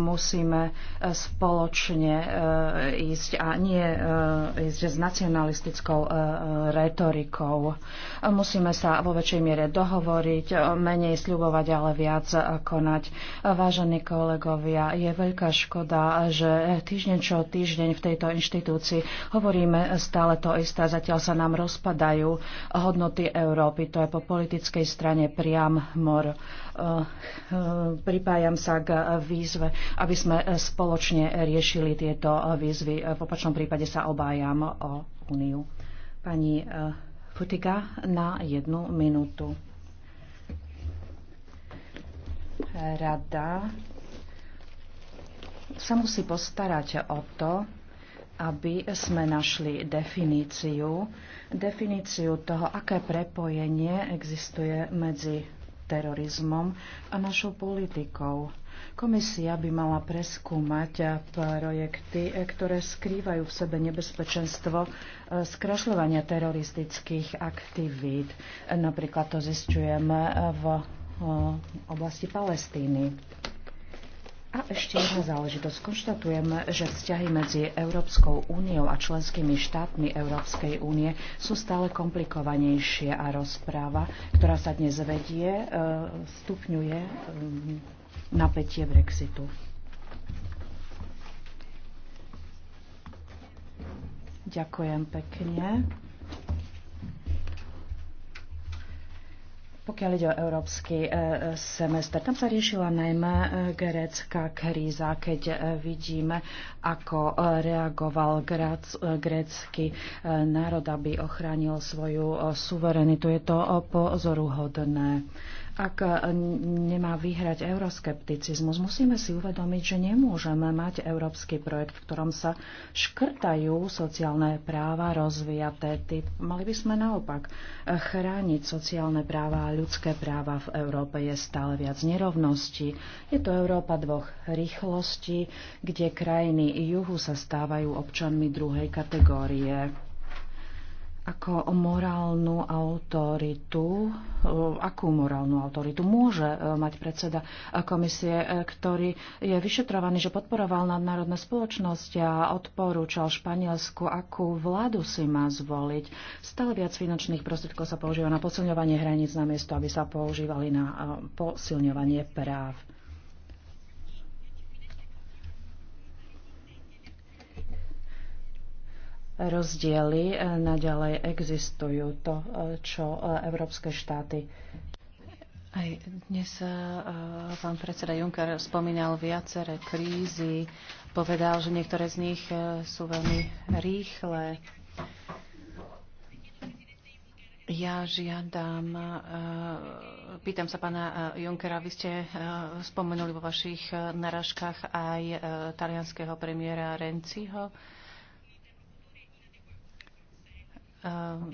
musíme spoločne ísť a nie ísť s nacionalistickou retorikou. Musíme sa vo väčšej miere dohovoriť, menej sľubovať, ale viac konať. Vážený kolego, kolegovia. Je veľká škoda, že týždeň čo týždeň v tejto inštitúcii hovoríme stále to isté. Zatiaľ sa nám rozpadajú hodnoty Európy. To je po politickej strane priam mor. Eh, eh, pripájam sa k výzve, aby sme spoločne riešili tieto výzvy. V opačnom prípade sa obájam o úniu. Pani eh, Futika, na jednu minútu rada sa musí postarať o to, aby sme našli definíciu, definíciu toho, aké prepojenie existuje medzi terorizmom a našou politikou. Komisia by mala preskúmať projekty, ktoré skrývajú v sebe nebezpečenstvo e, skrašľovania teroristických aktivít. Napríklad to zistujeme v e, oblasti Palestíny. A ešte jedna záležitosť. Konštatujem, že vzťahy medzi Európskou úniou a členskými štátmi Európskej únie sú stále komplikovanejšie a rozpráva, ktorá sa dnes vedie, e, stupňuje e, napätie Brexitu. Ďakujem pekne. Pokiaľ ide o európsky e, semester, tam sa riešila najmä e, grécka kríza, keď e, vidíme, ako reagoval grécky národ, aby ochránil svoju suverenitu. Je to pozoruhodné. Ak e, nemá vyhrať euroskepticizmus, musíme si uvedomiť, že nemôžeme mať európsky projekt, v ktorom sa škrtajú sociálne práva rozvíjaté. Typ. Mali by sme naopak e, chrániť sociálne práva a ľudské práva v Európe. Je stále viac nerovností. Je to Európa dvoch rýchlostí, kde krajiny juhu sa stávajú občanmi druhej kategórie ako morálnu autoritu, eh, akú morálnu autoritu môže eh, mať predseda eh, komisie, ktorý je vyšetrovaný, že podporoval nadnárodné spoločnosti a odporúčal Španielsku, akú vládu si má zvoliť. Stále viac finančných prostriedkov sa používa na posilňovanie hraníc namiesto, aby sa používali na posilňovanie práv. rozdiely e, naďalej existujú. To, e, čo e, európske štáty aj dnes pán predseda Juncker spomínal viaceré krízy. Povedal, že niektoré z nich sú veľmi rýchle. Ja žiadam, pýtam sa pána Junckera, vy ste spomenuli vo vašich naražkách aj talianského premiéra Renciho Ehm,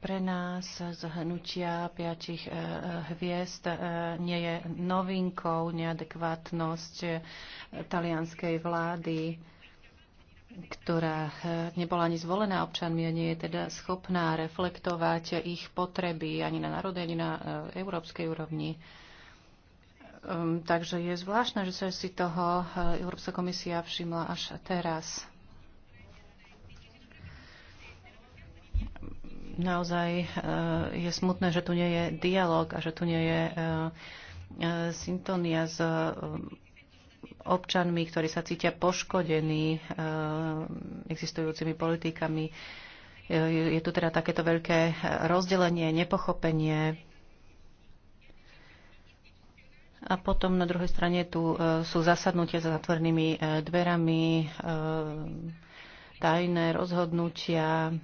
pre nás hnutia piatich eh, hviezd eh, nie je novinkou neadekvátnosť eh, talianskej vlády, ktorá nebola ani zvolená občanmi a nie je teda schopná reflektovať ich potreby ani na národe, ani na európskej úrovni. Ehm, takže je zvláštne, že sa si toho Európska komisia všimla až teraz. naozaj e, je smutné, že tu nie je dialog a že tu nie je e, e, syntonia s občanmi, ktorí sa cítia poškodení existujúcimi politikami. Je tu teda takéto veľké rozdelenie, nepochopenie. A potom na druhej strane tu sú zasadnutia za zatvorenými dverami, tajné rozhodnutia,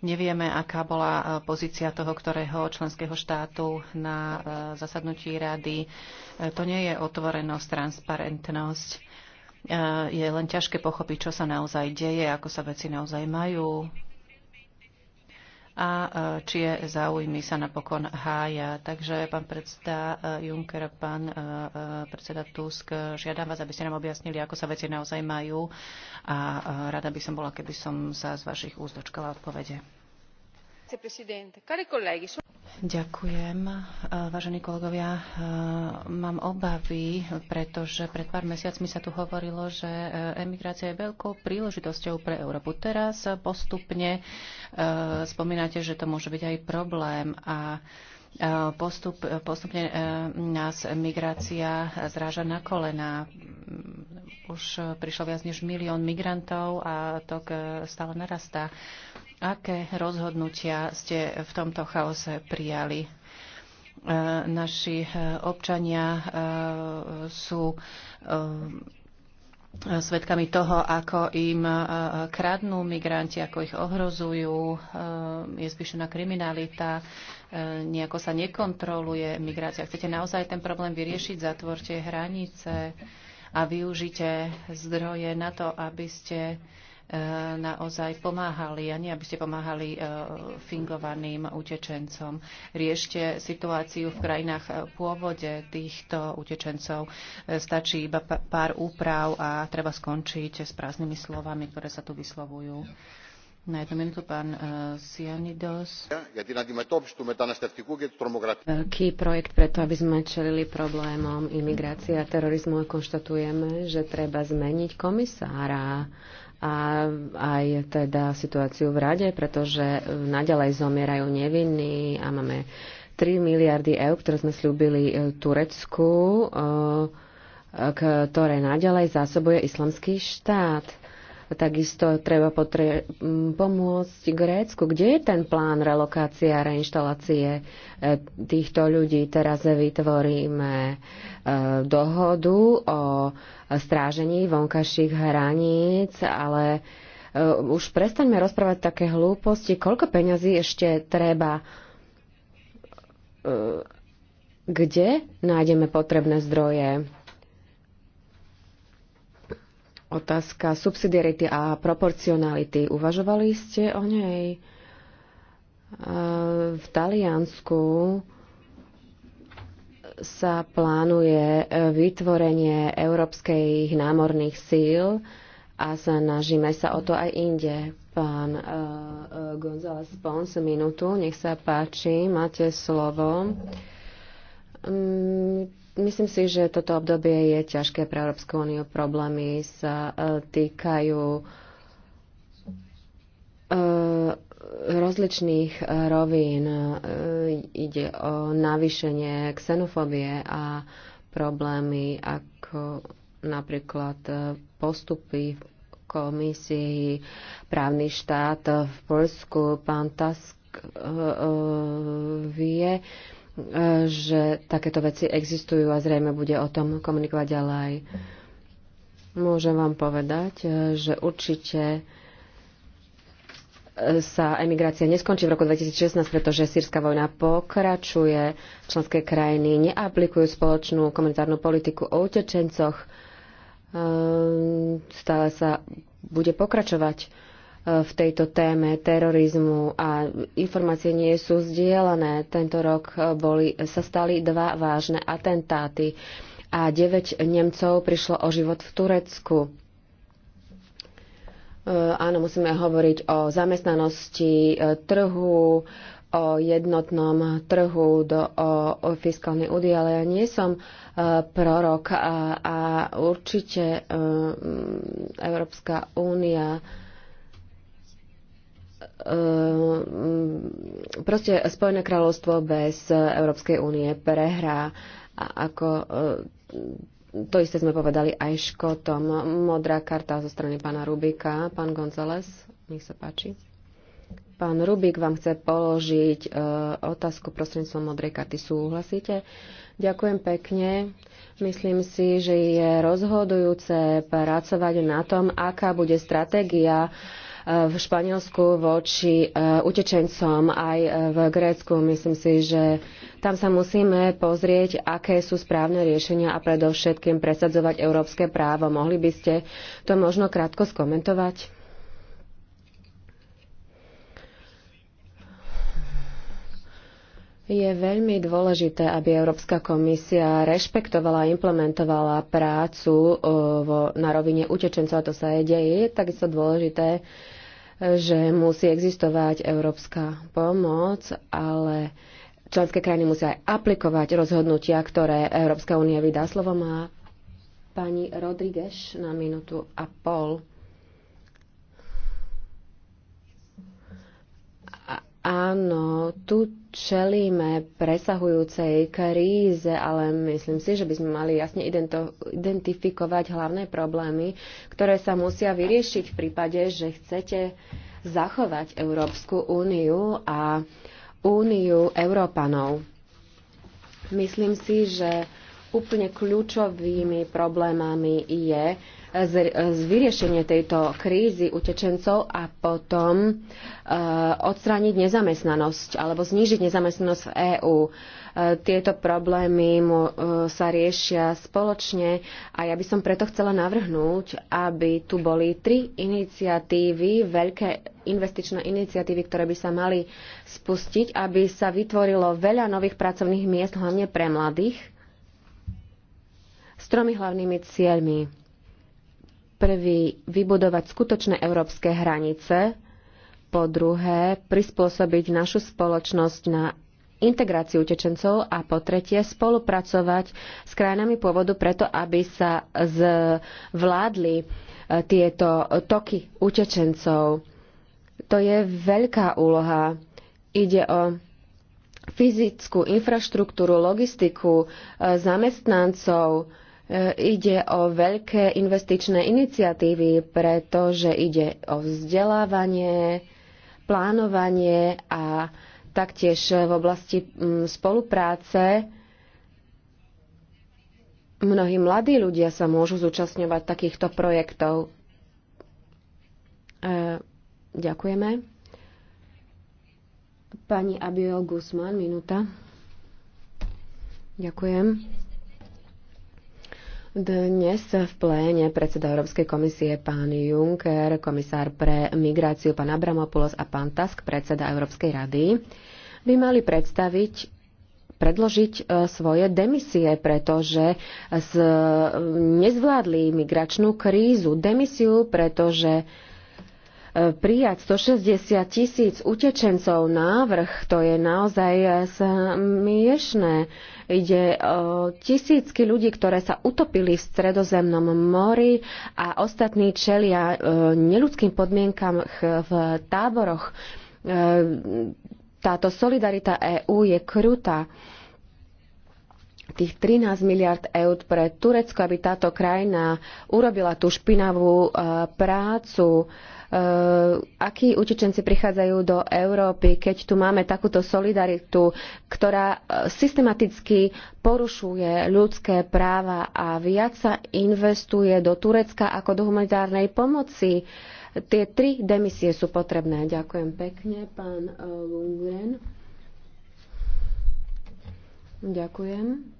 Nevieme, aká bola e, pozícia toho, ktorého členského štátu na e, zasadnutí rady. E, to nie je otvorenosť, transparentnosť. Je len ťažké pochopiť, čo sa naozaj deje, ako sa veci naozaj majú a e, čie záujmy sa napokon hája. Takže pán predseda e, Juncker, pán e, predseda Tusk, žiadam vás, aby ste nám objasnili, ako sa veci naozaj majú a rada by som bola, keby som sa z vašich úst dočkala odpovede. Ďakujem. E, vážení kolegovia, e, mám obavy, pretože pred pár mesiacmi sa tu hovorilo, že e, emigrácia je veľkou príležitosťou pre Európu. Teraz postupne spomínate, že to môže byť aj problém a postup, postupne nás migrácia zráža na kolená. Už prišlo viac než milión migrantov a to stále narastá. Aké rozhodnutia ste v tomto chaose prijali? E, naši e, občania e, sú svedkami toho, ako im kradnú migranti, ako ich ohrozujú, je spíšená kriminalita, nejako sa nekontroluje migrácia. Chcete naozaj ten problém vyriešiť? Zatvorte hranice a využite zdroje na to, aby ste Eh, naozaj pomáhali a nie, aby ste pomáhali eh, fingovaným utečencom. Riešte situáciu v krajinách eh, pôvode týchto utečencov. Stačí iba pár úprav a treba skončiť s prázdnymi slovami, ktoré sa tu vyslovujú. Na jednu minútu pán Sianidos. Veľký projekt preto, aby sme čelili problémom imigrácie a terorizmu a konštatujeme, že treba zmeniť komisára a aj teda situáciu v rade, pretože naďalej zomierajú nevinní a máme 3 miliardy eur, ktoré sme slúbili e, Turecku, e, e, ktoré naďalej zásobuje islamský štát. Takisto treba potre- pomôcť Grécku. Kde je ten plán relokácie a reinštalácie e, týchto ľudí? Teraz vytvoríme e, dohodu o strážení vonkajších hraníc, ale e, už prestaňme rozprávať také hlúposti. Koľko peňazí ešte treba kde nájdeme potrebné zdroje. Otázka subsidiarity a proporcionality. Uvažovali ste o nej? V Taliansku sa plánuje vytvorenie európskych námorných síl a snažíme sa o to aj inde. Pán uh, uh, González Pons, minútu, nech sa páči, máte slovo. Um, Myslím si, že toto obdobie je ťažké pre Európsku úniu. Problémy sa e, týkajú e, rozličných e, rovín. Ide o navýšenie xenofobie a problémy ako napríklad postupy v komisii, právny štát v Polsku. Pán Tusk vie, že takéto veci existujú a zrejme bude o tom komunikovať ďalej. Môžem vám povedať, e, že určite e, sa emigrácia neskončí v roku 2016, pretože sírska vojna pokračuje, členské krajiny neaplikujú spoločnú komunitárnu politiku o utečencoch, ehm, stále sa bude pokračovať v tejto téme terorizmu a informácie nie sú zdieľané. Tento rok e, boli, sa stali dva vážne atentáty a 9 Nemcov prišlo o život v Turecku. E, áno, musíme hovoriť o zamestnanosti e, trhu, o jednotnom trhu, do, o, o fiskálnej údii, ale ja nie som prorok a, a určite Európska únia Ehm, proste Spojené kráľovstvo bez Európskej únie prehrá a ako ehm, to isté sme povedali aj Škotom. Modrá karta zo strany pána Rubika. Pán González, nech sa páči. Pán Rubik vám chce položiť ehm, otázku prostredníctvom modrej karty. Súhlasíte? Ďakujem pekne. Myslím si, že je rozhodujúce pracovať na tom, aká bude stratégia v Španielsku voči e, utečencom aj e, v Grécku. Myslím si, že tam sa musíme pozrieť, aké sú správne riešenia a predovšetkým presadzovať európske právo. Mohli by ste to možno krátko skomentovať? Je veľmi dôležité, aby Európska komisia rešpektovala a implementovala prácu e, vo, na rovine utečencov, a to sa aj deje. Je takisto dôležité, e, že musí existovať európska pomoc, ale členské krajiny musia aj aplikovať rozhodnutia, ktoré Európska únia vydá. Slovo má pani Rodriguez na minútu a pol. Áno, tu čelíme presahujúcej kríze, ale myslím si, že by sme mali jasne identifikovať hlavné problémy, ktoré sa musia vyriešiť v prípade, že chcete zachovať Európsku úniu a úniu Európanov. Myslím si, že úplne kľúčovými problémami je, z vyriešenie tejto krízy utečencov a potom e, odstrániť nezamestnanosť alebo znížiť nezamestnanosť v EÚ. E, tieto problémy e, sa riešia spoločne a ja by som preto chcela navrhnúť, aby tu boli tri iniciatívy, veľké investičné iniciatívy, ktoré by sa mali spustiť, aby sa vytvorilo veľa nových pracovných miest, hlavne pre mladých, s tromi hlavnými cieľmi prvý, vybudovať skutočné európske hranice, po druhé, prispôsobiť našu spoločnosť na integráciu utečencov a po tretie spolupracovať s krajinami pôvodu preto, aby sa zvládli e, tieto toky utečencov. To je veľká úloha. Ide o fyzickú infraštruktúru, logistiku, e, zamestnancov, E, ide o veľké investičné iniciatívy, pretože ide o vzdelávanie, plánovanie a taktiež v oblasti mm, spolupráce. Mnohí mladí ľudia sa môžu zúčastňovať takýchto projektov. E, ďakujeme. Pani Abiel Guzman, minúta. Ďakujem. Dnes v pléne predseda Európskej komisie pán Juncker, komisár pre migráciu pán Abramopoulos a pán Tusk, predseda Európskej rady, by mali predstaviť predložiť e, svoje demisie, pretože e, nezvládli migračnú krízu. Demisiu, pretože prijať 160 tisíc utečencov návrh, to je naozaj smiešné. Ide o tisícky ľudí, ktoré sa utopili v stredozemnom mori a ostatní čelia e, neludským podmienkam v táboroch. E, táto solidarita EÚ je krutá tých 13 miliard eur pre Turecko, aby táto krajina urobila tú špinavú e, prácu Eh, akí utečenci prichádzajú do Európy, keď tu máme takúto solidaritu, ktorá eh, systematicky porušuje ľudské práva a viac sa investuje do Turecka ako do humanitárnej pomoci. Tie tri demisie sú potrebné. Ďakujem pekne, pán eh, Lundgren. Ďakujem.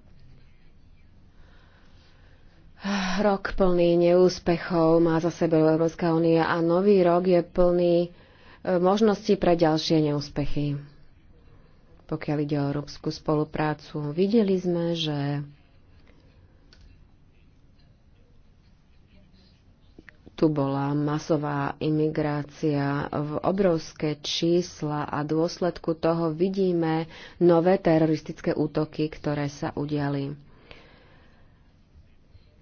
Rok plný neúspechov má za sebou Európska únia a nový rok je plný e, možností pre ďalšie neúspechy. Pokiaľ ide o európsku spoluprácu, videli sme, že tu bola masová imigrácia v obrovské čísla a dôsledku toho vidíme nové teroristické útoky, ktoré sa udiali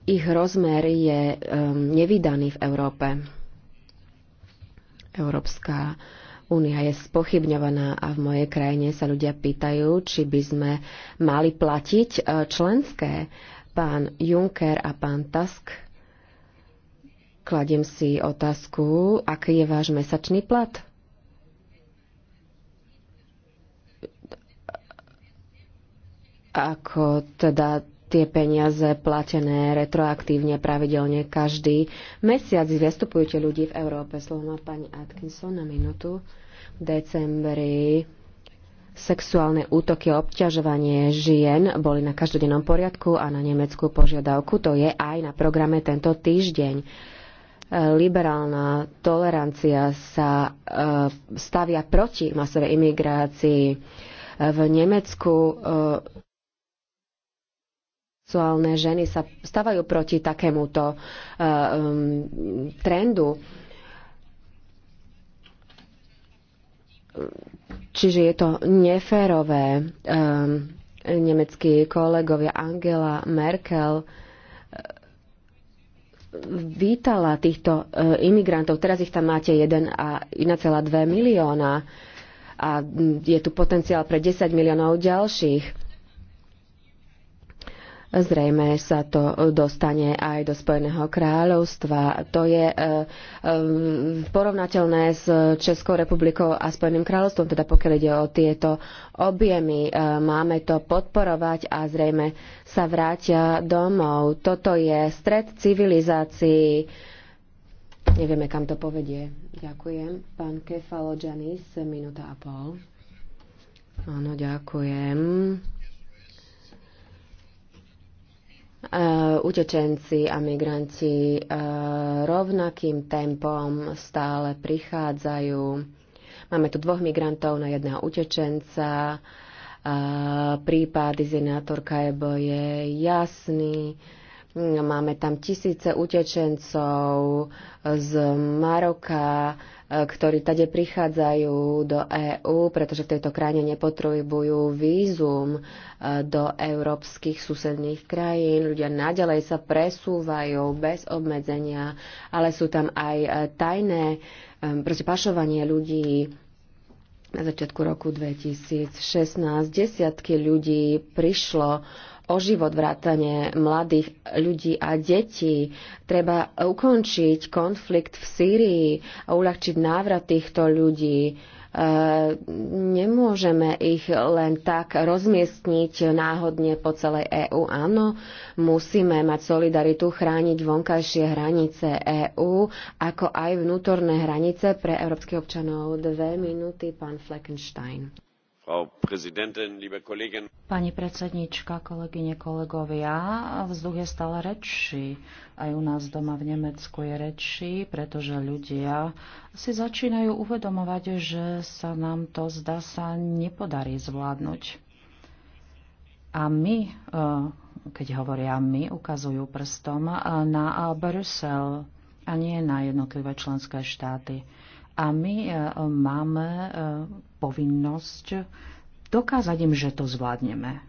ich rozmer je ehm, nevydaný v Európe. Európska únia je spochybňovaná a v mojej krajine sa ľudia pýtajú, či by sme mali platiť e, členské. Pán Juncker a pán Tusk, kladiem si otázku, aký je váš mesačný plat? Ako teda tie peniaze platené retroaktívne pravidelne každý mesiac. tie ľudí v Európe. Slovo má pani Atkinson na minútu. V decembri sexuálne útoky a obťažovanie žien boli na každodennom poriadku a na nemeckú požiadavku. To je aj na programe tento týždeň. Liberálna tolerancia sa e, stavia proti masovej imigrácii. V Nemecku e, homosexuálne ženy sa stavajú proti takémuto eh, um, trendu. Čiže je to neférové. Um, nemeckí kolegovia Angela Merkel eh, vítala týchto eh, imigrantov. Teraz ich tam máte 1,2 milióna a hm, je tu potenciál pre 10 miliónov ďalších Zrejme sa to dostane aj do Spojeného kráľovstva. To je e, e, porovnateľné s Českou republikou a Spojeným kráľovstvom, teda pokiaľ ide o tieto objemy. E, máme to podporovať a zrejme sa vrátia domov. Toto je stred civilizácií. Nevieme, kam to povedie. Ďakujem. Pán Kefalo Janis, minúta a pol. Áno, ďakujem. Eh, utečenci a migranti eh, rovnakým tempom stále prichádzajú. Máme tu dvoch migrantov na jedného utečenca. Eh, prípad izinátorka Ebo je jasný. Máme tam tisíce utečencov z Maroka, ktorí tade prichádzajú do EÚ, pretože v tejto krajine nepotrebujú vízum e, do európskych susedných krajín. Ľudia naďalej sa presúvajú bez obmedzenia, ale sú tam aj e, tajné e, proste pašovanie ľudí, na začiatku roku 2016 desiatky ľudí prišlo o život vrátane mladých ľudí a detí. Treba ukončiť konflikt v Sýrii a uľahčiť návrat týchto ľudí. E, nemôžeme ich len tak rozmiestniť náhodne po celej EÚ. Áno, musíme mať solidaritu, chrániť vonkajšie hranice EÚ, ako aj vnútorné hranice pre európskych občanov. Dve minúty, pán Fleckenstein. Pani predsednička, kolegyne, kolegovia, vzduch je stále rečší. Aj u nás doma v Nemecku je rečší, pretože ľudia si začínajú uvedomovať, že sa nám to zdá sa nepodarí zvládnuť. A my, eh, keď hovoria my, ukazujú prstom eh, na eh, Brusel a nie na jednotlivé členské štáty a my e, máme e, povinnosť dokázať im, že to zvládneme.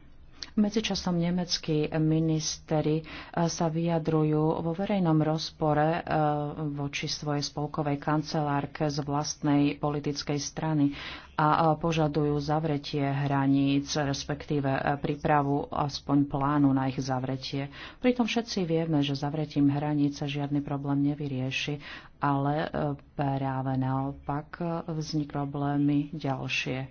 Medzičasom nemeckí ministeri e, sa vyjadrujú vo verejnom rozpore e, voči svojej spolkovej kancelárke z vlastnej politickej strany a e, požadujú zavretie hraníc, respektíve prípravu aspoň plánu na ich zavretie. Pritom všetci vieme, že zavretím hraníc sa žiadny problém nevyrieši, ale práve naopak vznik problémy ďalšie.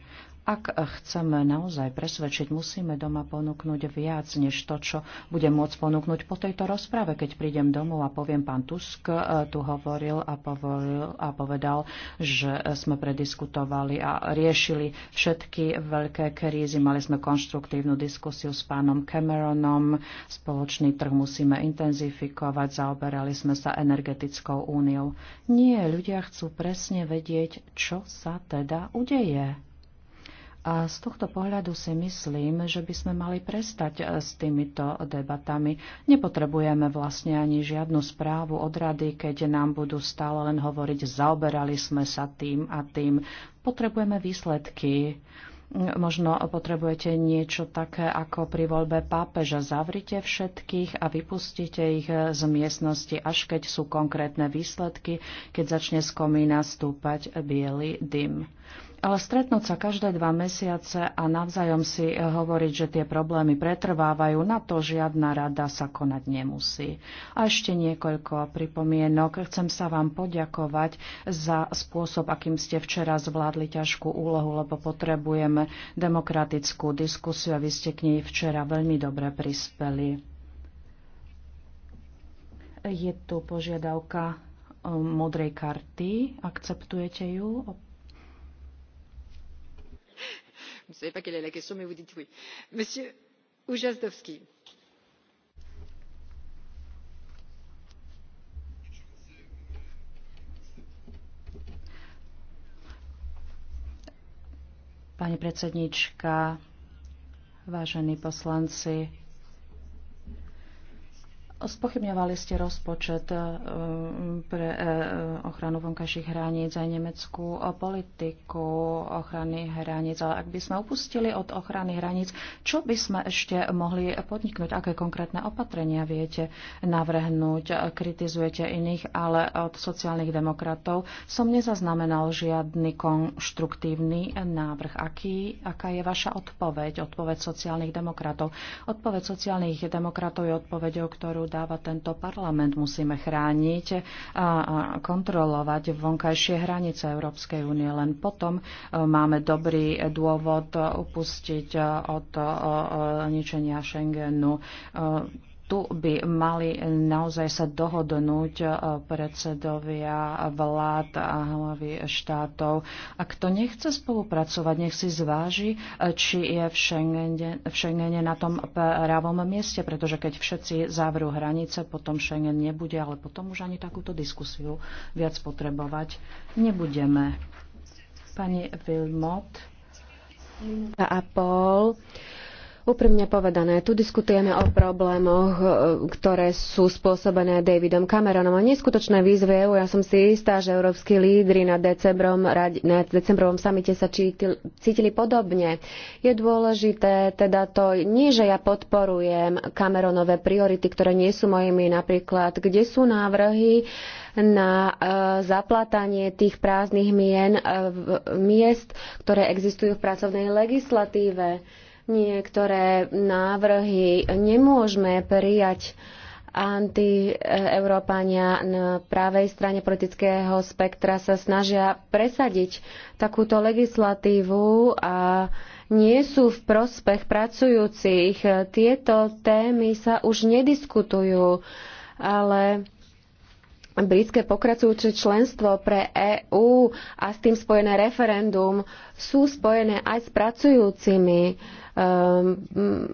Ak chceme naozaj presvedčiť, musíme doma ponúknuť viac než to, čo budem môcť ponúknuť po tejto rozprave. Keď prídem domov a poviem, pán Tusk e, tu hovoril a, povoril a povedal, že sme prediskutovali a riešili všetky veľké krízy. Mali sme konštruktívnu diskusiu s pánom Cameronom. Spoločný trh musíme intenzifikovať. Zaoberali sme sa energetickou úniou. Nie, ľudia chcú presne vedieť, čo sa teda udeje. A z tohto pohľadu si myslím, že by sme mali prestať eh, s týmito debatami. Nepotrebujeme vlastne ani žiadnu správu od rady, keď nám budú stále len hovoriť, zaoberali sme sa tým a tým. Potrebujeme výsledky. Možno potrebujete niečo také ako pri voľbe pápeža. Zavrite všetkých a vypustite ich eh, z miestnosti, až keď sú konkrétne výsledky, keď začne z komína stúpať biely dym. Ale stretnúť sa každé dva mesiace a navzájom si eh, hovoriť, že tie problémy pretrvávajú, na to žiadna rada sa konať nemusí. A ešte niekoľko pripomienok. Chcem sa vám poďakovať za spôsob, akým ste včera zvládli ťažkú úlohu, lebo potrebujeme demokratickú diskusiu a vy ste k nej včera veľmi dobre prispeli. Je tu požiadavka eh, modrej karty. Akceptujete ju? ne savez pas quelle est la question mais vous dites oui. Monsieur Ujazdowski. Pani predsednička, vážení poslanci, Spochybňovali ste rozpočet eh, pre eh, ochranu vonkajších hraníc aj nemeckú politiku ochrany hraníc. Ale ak by sme upustili od ochrany hraníc, čo by sme ešte mohli podniknúť? Aké konkrétne opatrenia viete navrhnúť? Kritizujete iných, ale od sociálnych demokratov som nezaznamenal žiadny konštruktívny návrh. Aký, aká je vaša odpoveď? Odpoveď sociálnych demokratov. Odpoveď sociálnych demokratov je odpoveďou, ktorú dáva tento parlament. Musíme chrániť a kontrolovať vonkajšie hranice Európskej únie. Len potom e, máme dobrý dôvod upustiť e, od e, ničenia Schengenu tu by mali naozaj sa dohodnúť e, predsedovia vlád a hlavy štátov. A kto nechce spolupracovať, nech si zváži, e, či je v Schengene, v Schengene na tom právom mieste, pretože keď všetci zavrú hranice, potom Schengen nebude, ale potom už ani takúto diskusiu viac potrebovať nebudeme. Pani Wilmot. A pol. Úprimne povedané, tu diskutujeme o problémoch, e, ktoré sú spôsobené Davidom Cameronom a neskutočné výzvy EU. Ja som si istá, že európsky lídry na, decembrom, na decembrovom samite sa cítili podobne. Je dôležité teda to, nie že ja podporujem Cameronové priority, ktoré nie sú mojimi napríklad, kde sú návrhy na e, zaplatanie tých prázdnych mien e, miest, ktoré existujú v pracovnej legislatíve. Niektoré návrhy nemôžeme prijať antieurópania na pravej strane politického spektra sa snažia presadiť takúto legislatívu a nie sú v prospech pracujúcich. Tieto témy sa už nediskutujú, ale britské pokračujúce členstvo pre EÚ a s tým spojené referendum sú spojené aj s pracujúcimi Ehm,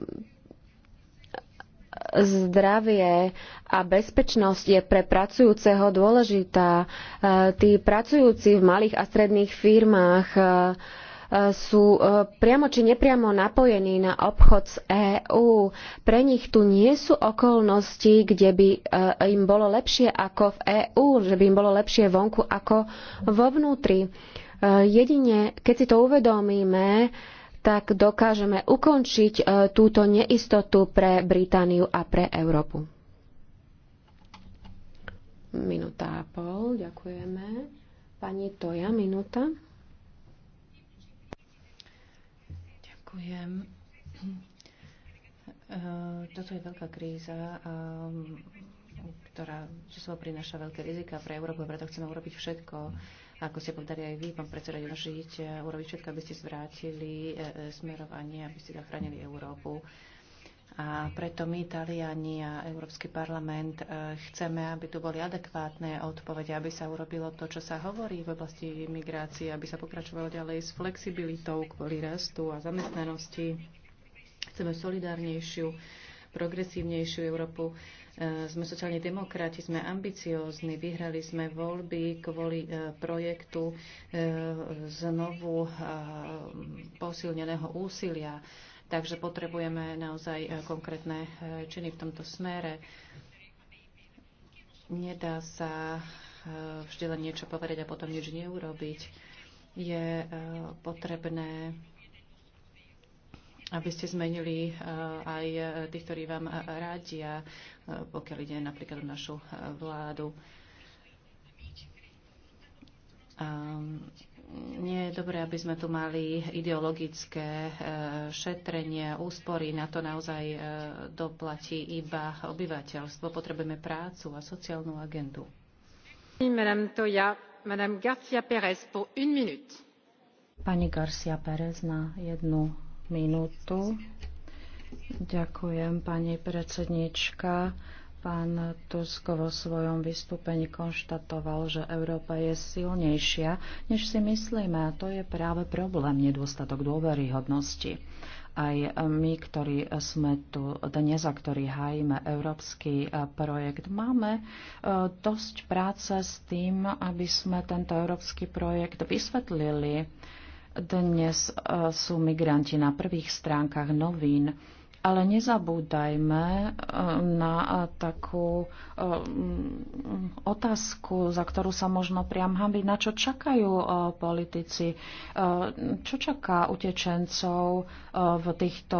zdravie a bezpečnosť je pre pracujúceho dôležitá. Ehm, tí pracujúci v malých a stredných firmách ehm, sú priamo či nepriamo napojení na obchod s EÚ. Pre nich tu nie sú okolnosti, kde by im bolo lepšie ako v EÚ, že by im bolo lepšie vonku ako vo vnútri. Jedine, keď si to uvedomíme, tak dokážeme ukončiť e, túto neistotu pre Britániu a pre Európu. Minúta a pol, ďakujeme. Pani Toja, minúta. Ďakujem. E, toto je veľká kríza, ktorá sebou prináša veľké rizika pre Európu, preto chceme urobiť všetko, ako ste povedali aj vy, pán predseda Jožiť, e, urobiť všetko, aby ste zvrátili e, e, smerovanie, aby ste zachránili Európu. A preto my, Taliani a Európsky parlament, chceme, aby tu boli adekvátne odpovede, aby sa urobilo to, čo sa hovorí v oblasti migrácie, aby sa pokračovalo ďalej s flexibilitou kvôli rastu a zamestnanosti. Chceme solidárnejšiu, progresívnejšiu Európu Eh, sme sociálni demokrati, sme ambiciózni, vyhrali sme voľby kvôli eh, projektu eh, znovu posilneného úsilia. Takže potrebujeme naozaj konkrétne činy v tomto smere. Nedá sa vždy len niečo povedať a potom nič neurobiť. Je potrebné aby ste zmenili aj tých, ktorí vám radia. Eh, pokiaľ ide napríklad o našu eh, vládu. A mm, nie je dobré, aby sme tu mali ideologické eh, šetrenie, úspory. Na to naozaj doplatí iba obyvateľstvo. Potrebujeme prácu a sociálnu agendu. Pani Garcia Pérez na jednu minútu. Ďakujem, pani predsednička. Pán Tusko vo svojom vystúpení konštatoval, že Európa je silnejšia, než si myslíme, a to je práve problém, nedostatok dôveryhodnosti aj my, ktorí sme tu dnes a ktorí hájime európsky eh, projekt, máme eh, dosť práce s tým, aby sme tento európsky projekt vysvetlili. Dnes eh, sú migranti na prvých stránkach novín ale nezabúdajme e, na e, takú e, mm, otázku, za ktorú sa možno priam hambiť, na čo čakajú politici, čo čaká utečencov v týchto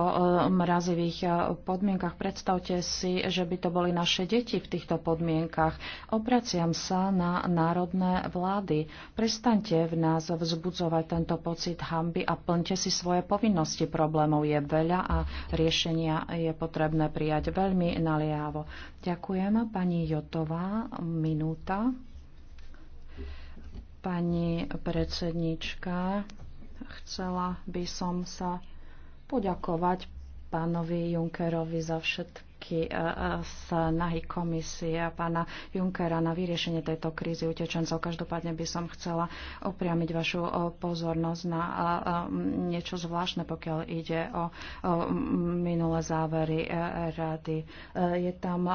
mrazivých podmienkach. Predstavte si, že by to boli naše deti v týchto podmienkach. Opraciam sa na národné vlády. Prestaňte v nás vzbudzovať tento pocit hamby a plňte si svoje povinnosti. Problémov je veľa a riešenie opatrenia je potrebné prijať veľmi naliehavo. Ďakujem. Pani Jotová, minúta. Pani predsednička, chcela by som sa poďakovať pánovi Junkerovi za všetko z e, e, nahy komisie a pána Junkera na vyriešenie tejto krízy utečencov. Každopádne by som chcela upriamiť vašu e, pozornosť na niečo zvláštne, pokiaľ ide o minulé závery rady. Je tam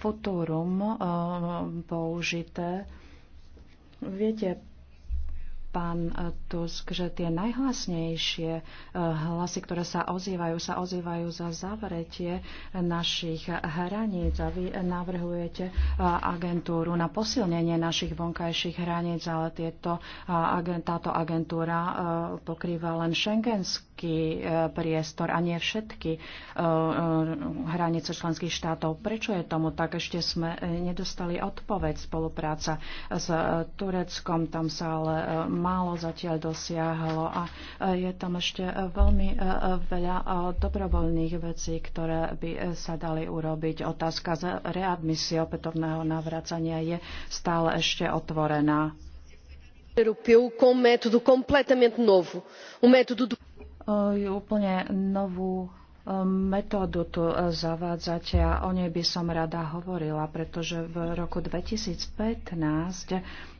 futurum použité. Viete, pán e, Tusk, že tie najhlasnejšie e, hlasy, ktoré sa ozývajú, sa ozývajú za zavretie našich hraníc. A vy navrhujete e, agentúru na posilnenie našich vonkajších hraníc, ale tieto, táto agentúra pokrýva len šengenský priestor a nie všetky hranice členských štátov. Prečo je tomu tak? Ešte sme nedostali odpoveď. Spolupráca s Tureckom, tam sa ale málo zatiaľ dosiahlo a e, je tam ešte e, veľmi e, veľa dobrovoľných vecí, ktoré by sa dali urobiť. Otázka z readmisie opätovného navracania je stále ešte otvorená. Um um je úplne novú metódu tu zavádzate a o nej by som rada hovorila, pretože v roku 2015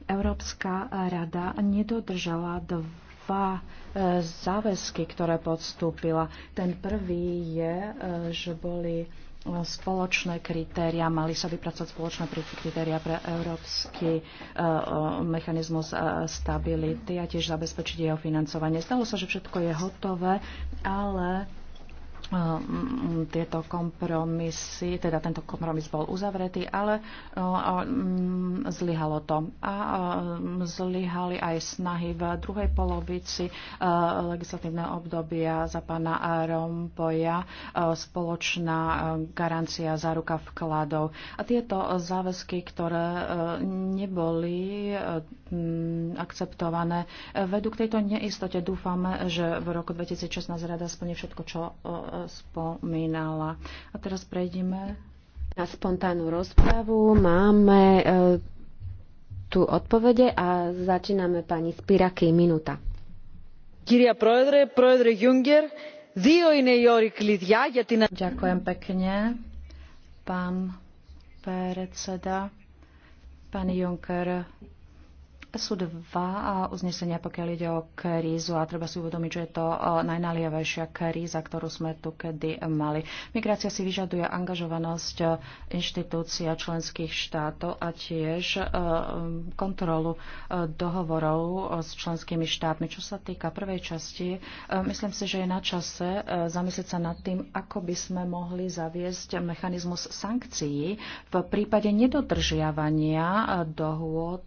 Európska rada nedodržala dva e, záväzky, ktoré podstúpila. Ten prvý je, e, že boli e, spoločné kritéria, mali sa vypracovať spoločné kritéria pre európsky mechanizmus stability a tiež zabezpečiť jeho financovanie. Stalo sa, že všetko je hotové, ale Ehm, tieto kompromisy, teda tento kompromis bol uzavretý, ale e, mm, zlyhalo to. A e, zlyhali aj snahy v druhej polovici e, legislatívneho obdobia za pána Rompoja spoločná garancia záruka vkladov. A tieto záväzky, ktoré neboli mm, akceptované, vedú k tejto neistote. dúfame, že v roku 2016 rada splní všetko, čo spomínala. A teraz prejdeme na spontánnu rozpravu. Máme e, tu odpovede a začíname pani Spiraky minúta. Kyria proedre, proedre Junger, δύο είναι οι όροι κλειδιά για Ďakujem pekne, pán predseda, pán Junker, sú dva uznesenia, pokiaľ ide o krízu a treba si uvedomiť, že je to najnaliavejšia kríza, ktorú sme tu kedy mali. Migrácia si vyžaduje angažovanosť inštitúcia členských štátov a tiež kontrolu dohovorov s členskými štátmi. Čo sa týka prvej časti, myslím si, že je na čase zamyslieť sa nad tým, ako by sme mohli zaviesť mechanizmus sankcií v prípade nedodržiavania dohôd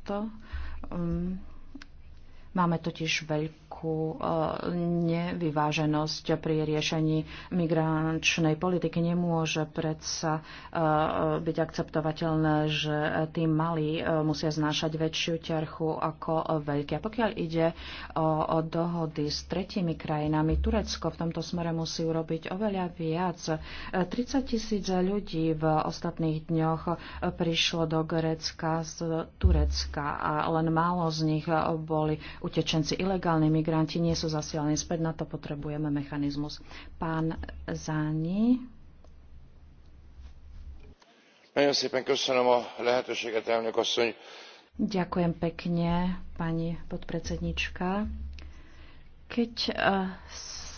Ehm, máme totiž veľkú nejakú e, nevyváženosť pri riešení migrančnej politiky. Nemôže predsa e, e, byť akceptovateľné, že tí malí musia znášať väčšiu ťarchu ako veľkí. A pokiaľ ide o, dohody s tretími krajinami, Turecko v tomto smere musí urobiť oveľa viac. 30 tisíc ľudí v ostatných dňoch prišlo do Grécka z Turecka a len málo z nich boli utečenci ilegálnymi migranti nie sú zasielaní späť, na to potrebujeme mechanizmus. Pán Záni. Ďakujem pekne, pani podpredsednička. Keď eh,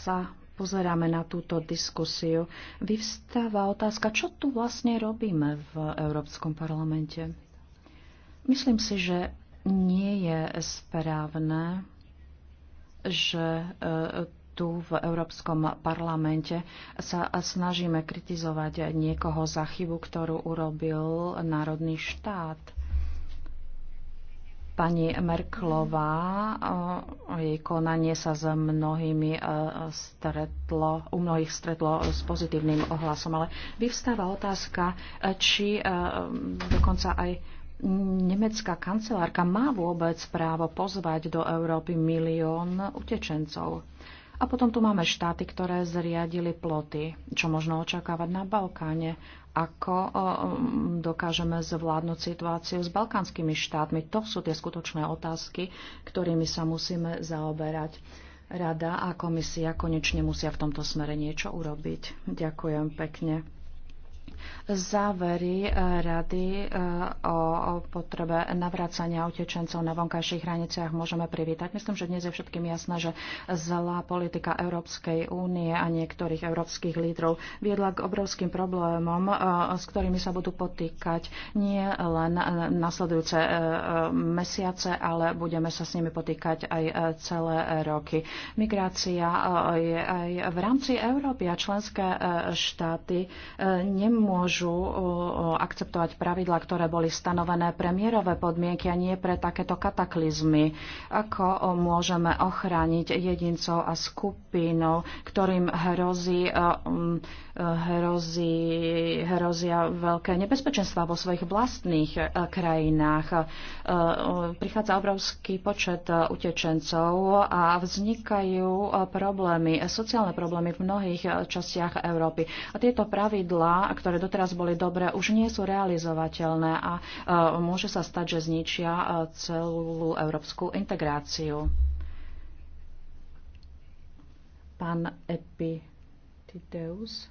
sa pozeráme na túto diskusiu, vyvstáva otázka, čo tu vlastne robíme v Európskom parlamente. Myslím si, že nie je správne že e, tu v Európskom parlamente sa snažíme kritizovať niekoho za chybu, ktorú urobil národný štát. Pani Merklová, e, jej konanie sa s mnohými e, stretlo, u mnohých stretlo s pozitívnym ohlasom, ale vyvstáva otázka, či dokonca aj nemecká kancelárka má vôbec právo pozvať do Európy milión utečencov. A potom tu máme štáty, ktoré zriadili ploty, čo možno očakávať na Balkáne, ako dokážeme zvládnuť situáciu s balkánskymi štátmi. To sú tie skutočné otázky, ktorými sa musíme zaoberať. Rada a komisia konečne musia v tomto smere niečo urobiť. Ďakujem pekne závery eh, rady eh, o potrebe navracania utečencov na vonkajších hraniciach môžeme privítať. Myslím, že dnes je všetkým jasné, že zlá politika Európskej únie a niektorých európskych lídrov viedla k obrovským problémom, eh, s ktorými sa budú potýkať nie len nasledujúce mesiace, ale budeme sa s nimi potýkať aj celé roky. Migrácia je aj v rámci Európy a členské štáty nemôžu nemôžu akceptovať pravidla, ktoré boli stanovené pre mierové podmienky a nie pre takéto kataklizmy. Ako môžeme ochrániť jedincov a skupinov, ktorým hrozí hrozí, hrozia veľké nebezpečenstva vo svojich vlastných e, krajinách. E, e, prichádza obrovský počet utečencov a vznikajú problémy, sociálne problémy v mnohých častiach Európy. A tieto pravidlá, ktoré doteraz boli dobré, už nie sú realizovateľné a môže sa stať, že zničia celú európsku integráciu. Pán Epi. Titeus.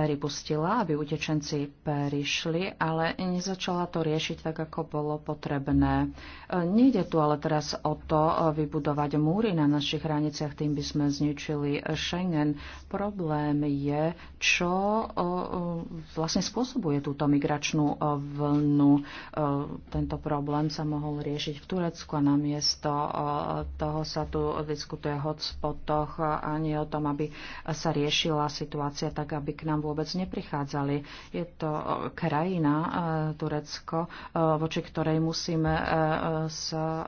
pripustila, aby utečenci prišli, ale nezačala to riešiť tak, ako bolo potrebné. E, nejde tu ale teraz o to e, vybudovať múry na našich hraniciach, tým by sme zničili Schengen. Problém je, čo e, vlastne spôsobuje túto migračnú vlnu. Tento problém sa mohol riešiť v Turecku a namiesto toho sa tu diskutuje hotspotoch a nie o tom, aby sa riešila situácia tak, aby k nám vôbec neprichádzali. Je to e, krajina, e, Turecko, e, voči ktorej musíme sa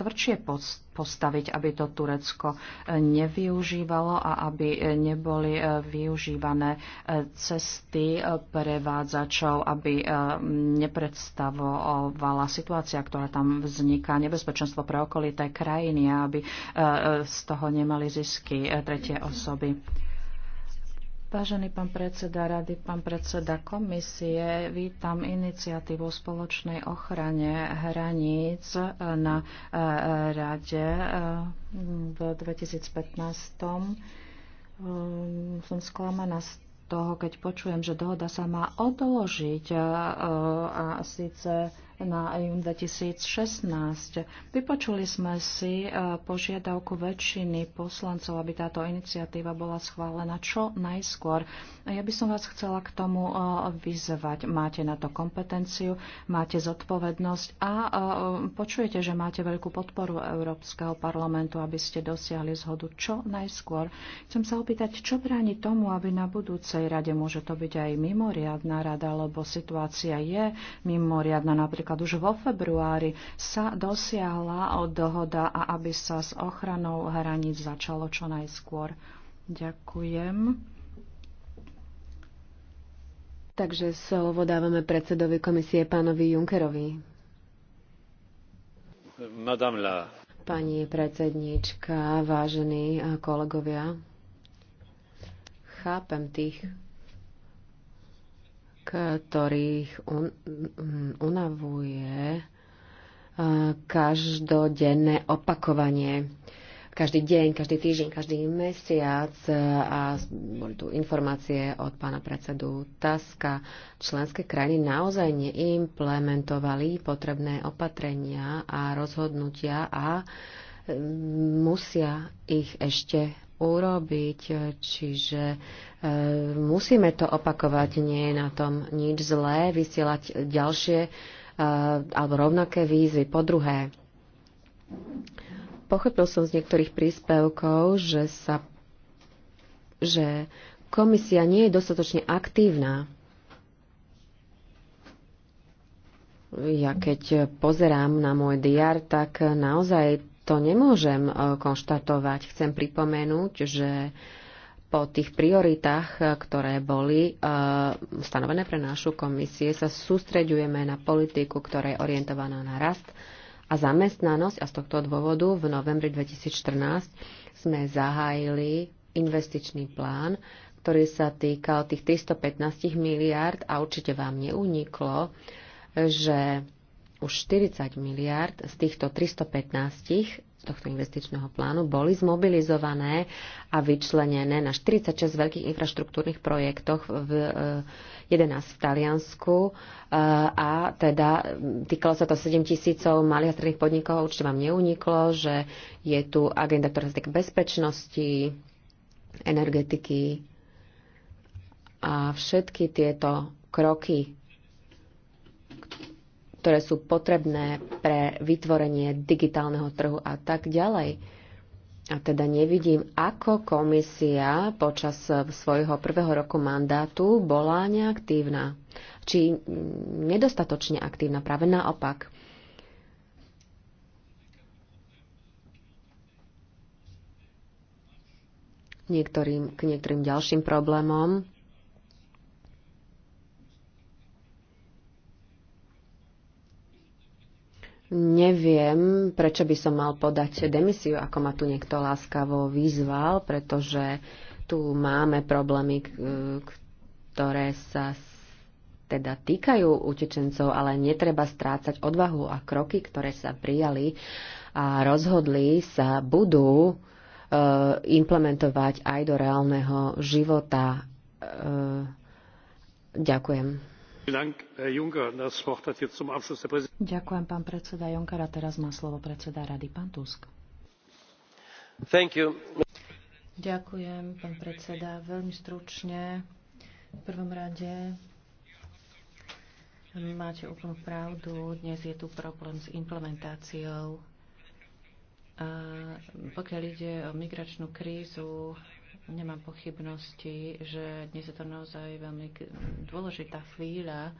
tvrdšie postaviť postaviť, aby to Turecko nevyužívalo a aby neboli využívané cesty prevádzačov, aby nepredstavovala situácia, ktorá tam vzniká, nebezpečenstvo pre okolité krajiny a aby z toho nemali zisky tretie osoby. Vážený pán predseda Rady, pán predseda komisie, vítam iniciatívu spoločnej ochrane hraníc na e, e, Rade e, v 2015. Ehm, som sklamaná z toho, keď počujem, že dohoda sa má odložiť a síce na jún 2016. Vypočuli sme si e, požiadavku väčšiny poslancov, aby táto iniciatíva bola schválená čo najskôr. Ja by som vás chcela k tomu e, vyzvať. Máte na to kompetenciu, máte zodpovednosť a e, počujete, že máte veľkú podporu Európskeho parlamentu, aby ste dosiahli zhodu čo najskôr. Chcem sa opýtať, čo bráni tomu, aby na budúcej rade, môže to byť aj mimoriadná rada, lebo situácia je mimoriadná napríklad napríklad už vo februári sa dosiahla dohoda a aby sa s ochranou hraníc začalo čo najskôr. Ďakujem. Takže slovo dávame predsedovi komisie pánovi Junkerovi. Madame la... Pani predsednička, vážení kolegovia, chápem tých, ktorých unavuje eh, každodenné opakovanie. Každý deň, každý týždeň, každý mesiac eh, a boli tu informácie od pána predsedu Taska. Členské krajiny naozaj neimplementovali potrebné opatrenia a rozhodnutia a eh, musia ich ešte urobiť, čiže e, musíme to opakovať, nie je na tom nič zlé, vysielať ďalšie e, alebo rovnaké výzvy. Po druhé, pochopil som z niektorých príspevkov, že sa že komisia nie je dostatočne aktívna. Ja keď pozerám na môj diar, tak naozaj to nemôžem e, konštatovať. Chcem pripomenúť, že po tých prioritách, e, ktoré boli e, stanovené pre našu komisie, sa sústreďujeme na politiku, ktorá je orientovaná na rast a zamestnanosť. A z tohto dôvodu v novembri 2014 sme zahájili investičný plán, ktorý sa týkal tých 315 miliárd a určite vám neuniklo, že už 40 miliard z týchto 315 z tohto investičného plánu boli zmobilizované a vyčlenené na 46 veľkých infraštruktúrnych projektoch v 11 eh, v Taliansku eh, a teda hm, týkalo sa to 7 tisícov malých a stredných podnikov. Určite vám neuniklo, že je tu agenda, ktorá sa týka bezpečnosti, energetiky a všetky tieto kroky ktoré sú potrebné pre vytvorenie digitálneho trhu a tak ďalej. A teda nevidím, ako komisia počas svojho prvého roku mandátu bola neaktívna. Či nedostatočne aktívna, práve naopak. Niektorým, k niektorým ďalším problémom Neviem, prečo by som mal podať demisiu, ako ma tu niekto láskavo vyzval, pretože tu máme problémy, ktoré sa teda týkajú utečencov, ale netreba strácať odvahu a kroky, ktoré sa prijali a rozhodli sa budú e, implementovať aj do reálneho života. E, ďakujem. Ďakujem, pán predseda Juncker. A teraz má slovo predseda rady, pán Tusk. Ďakujem, pán predseda. Veľmi stručne. V prvom rade máte úplnú pravdu. Dnes je tu problém s implementáciou. A pokiaľ ide o migračnú krízu, Nemám pochybnosti, že dnes je to naozaj veľmi dôležitá chvíľa.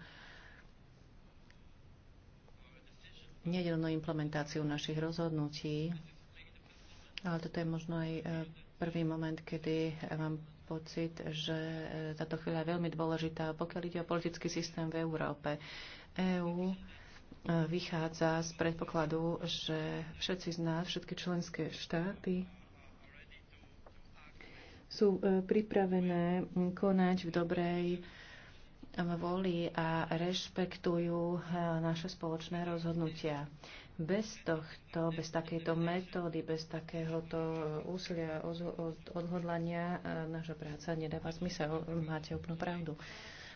Nejde implementáciu našich rozhodnutí, ale toto je možno aj e, prvý moment, kedy mám pocit, že e, táto chvíľa je veľmi dôležitá, pokiaľ ide o politický systém v Európe. EÚ e, vychádza z predpokladu, že všetci z nás, všetky členské štáty sú e, pripravené konať v dobrej e, voli a rešpektujú e, naše spoločné rozhodnutia. Bez tohto, bez takejto metódy, bez takéhoto úsilia odhodlania naša práca nedáva zmysel. Máte úplnú pravdu.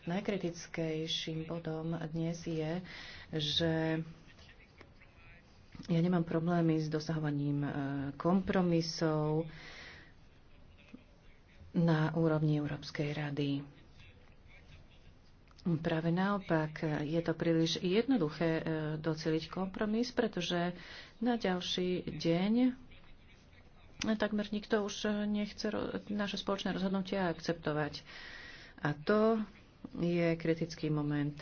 Najkritickejším bodom dnes je, že ja nemám problémy s dosahovaním kompromisov, na úrovni Európskej rady. Práve naopak, je to príliš jednoduché e, doceliť kompromis, pretože na ďalší deň takmer nikto už nechce naše spoločné rozhodnutia akceptovať. A to je kritický moment.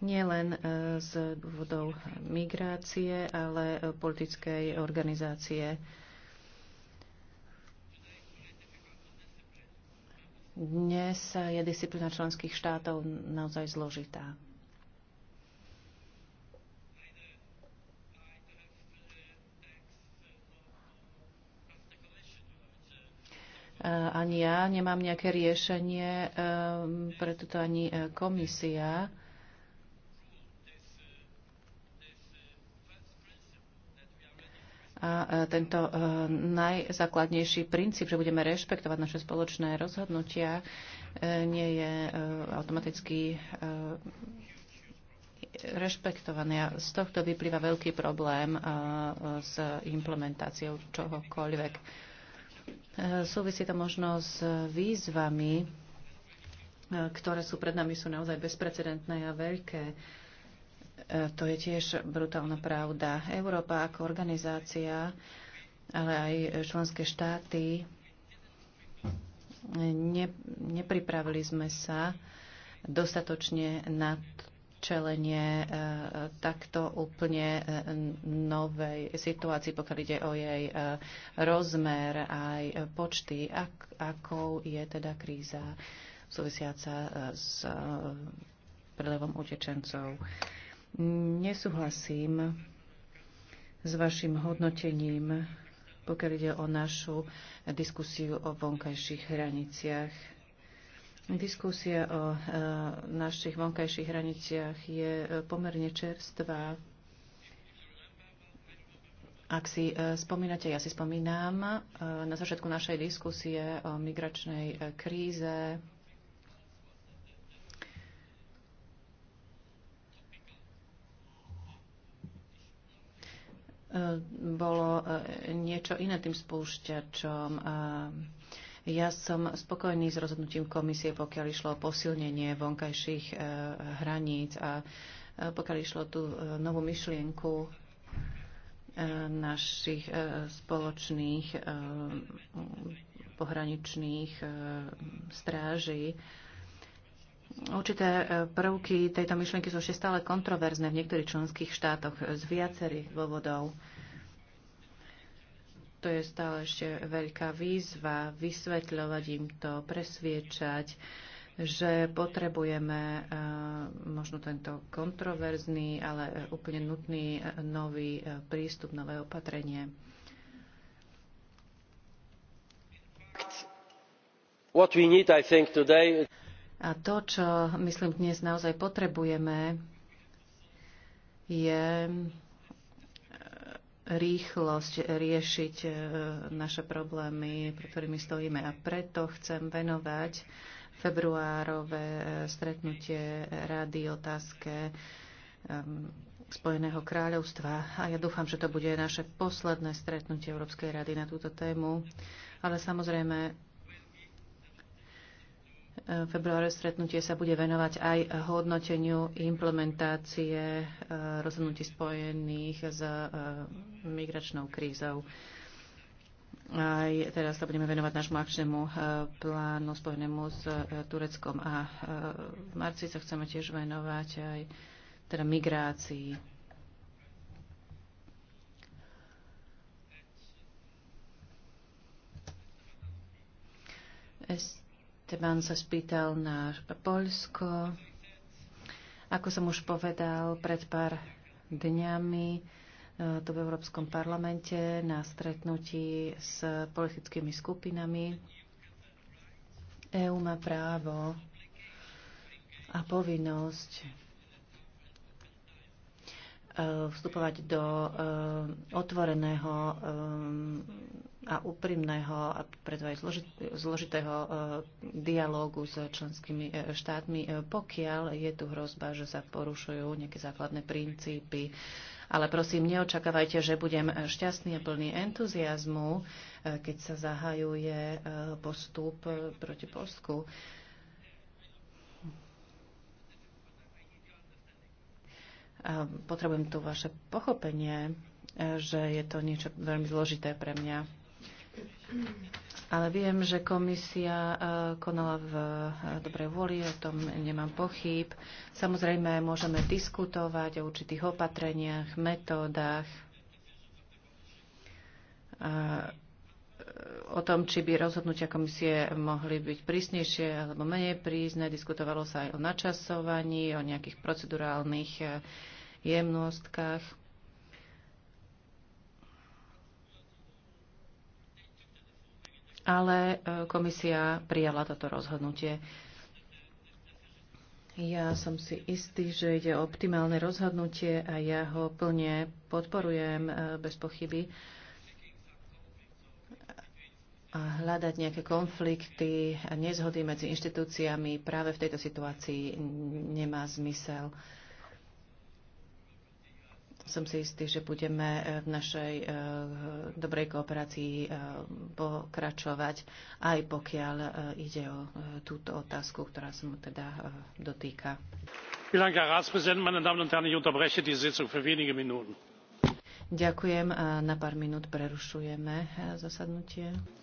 nielen e, z dôvodov migrácie, ale politickej organizácie Dnes je disciplína členských štátov naozaj zložitá. Ani ja nemám nejaké riešenie, ehm, preto to ani ehm, komisia A e, tento e, najzákladnejší princíp, že budeme rešpektovať naše spoločné rozhodnutia, e, nie je automaticky rešpektované. Z tohto vyplýva veľký problém s implementáciou čohokoľvek. Súvisí to možno s výzvami, ktoré sú pred nami, sú naozaj bezprecedentné a veľké E, to je tiež brutálna pravda. Európa ako organizácia, ale aj členské štáty, ne, nepripravili sme sa dostatočne na čelenie e, takto úplne e, novej situácii, pokiaľ ide o jej rozmer aj počty, ak, akou je teda kríza súvisiaca s prelevom utečencov. Nesúhlasím s vašim hodnotením, pokiaľ ide o našu diskusiu o vonkajších hraniciach. Diskusia o e, našich vonkajších hraniciach je e, pomerne čerstvá. Ak si e, spomínate, ja si spomínam na začiatku našej diskusie o migračnej kríze, E, bolo e, niečo iné tým spúšťačom. Ja som spokojný s rozhodnutím komisie, pokiaľ išlo o posilnenie vonkajších e, hraníc a pokiaľ išlo tú novú myšlienku našich spoločných pohraničných stráží, Určité e, prvky tejto myšlienky sú ešte stále kontroverzné v niektorých členských štátoch z viacerých dôvodov. To je stále ešte veľká výzva vysvetľovať im to, presviečať, že potrebujeme e, možno tento kontroverzný, ale úplne nutný e, nový prístup, nové opatrenie. What we need, I think, today... A to, čo myslím dnes naozaj potrebujeme, je e, rýchlosť riešiť e, naše problémy, pre ktorými stojíme. A preto chcem venovať februárové e, stretnutie rady otázke Spojeného kráľovstva. A ja dúfam, že to bude naše posledné stretnutie Európskej rady na túto tému. Ale samozrejme, februáre stretnutie sa bude venovať aj hodnoteniu implementácie e, rozhodnutí spojených s e, migračnou krízou. Aj teraz sa budeme venovať nášmu akčnému e, plánu spojenému s Tureckom a v marci sa chceme tiež venovať aj teda migrácii. Es Teban sa spýtal na Poľsko. Ako som už povedal pred pár dňami e, tu v Európskom parlamente na stretnutí s politickými skupinami, EÚ má právo a povinnosť Eh, vstupovať do eh, otvoreného eh, a úprimného a preto aj zložitého dialógu s členskými štátmi, pokiaľ je tu hrozba, že sa porušujú nejaké základné princípy. Ale prosím, neočakávajte, že budem šťastný a plný entuziasmu, keď sa zahajuje postup proti Polsku. Potrebujem tu vaše pochopenie, e, že je to niečo veľmi zložité pre mňa. Ale viem, že komisia e, konala v e, dobrej vôli, o tom nemám pochyb. Samozrejme, môžeme diskutovať o určitých opatreniach, metódach o tom, či by rozhodnutia komisie mohli byť prísnejšie alebo menej prísne. Diskutovalo sa aj o načasovaní, o nejakých procedurálnych eh, jemnostkách. Ale eh, komisia prijala toto rozhodnutie. Ja som si istý, že ide o optimálne rozhodnutie a ja ho plne podporujem eh, bez pochyby a hľadať nejaké konflikty a nezhody medzi inštitúciami práve v tejto situácii nemá zmysel. Som si istý, že budeme e, v našej e, dobrej kooperácii e, pokračovať, aj pokiaľ ide o túto otázku, ktorá sa mu teda dotýka. Ďakujem. a Na pár minút prerušujeme zasadnutie.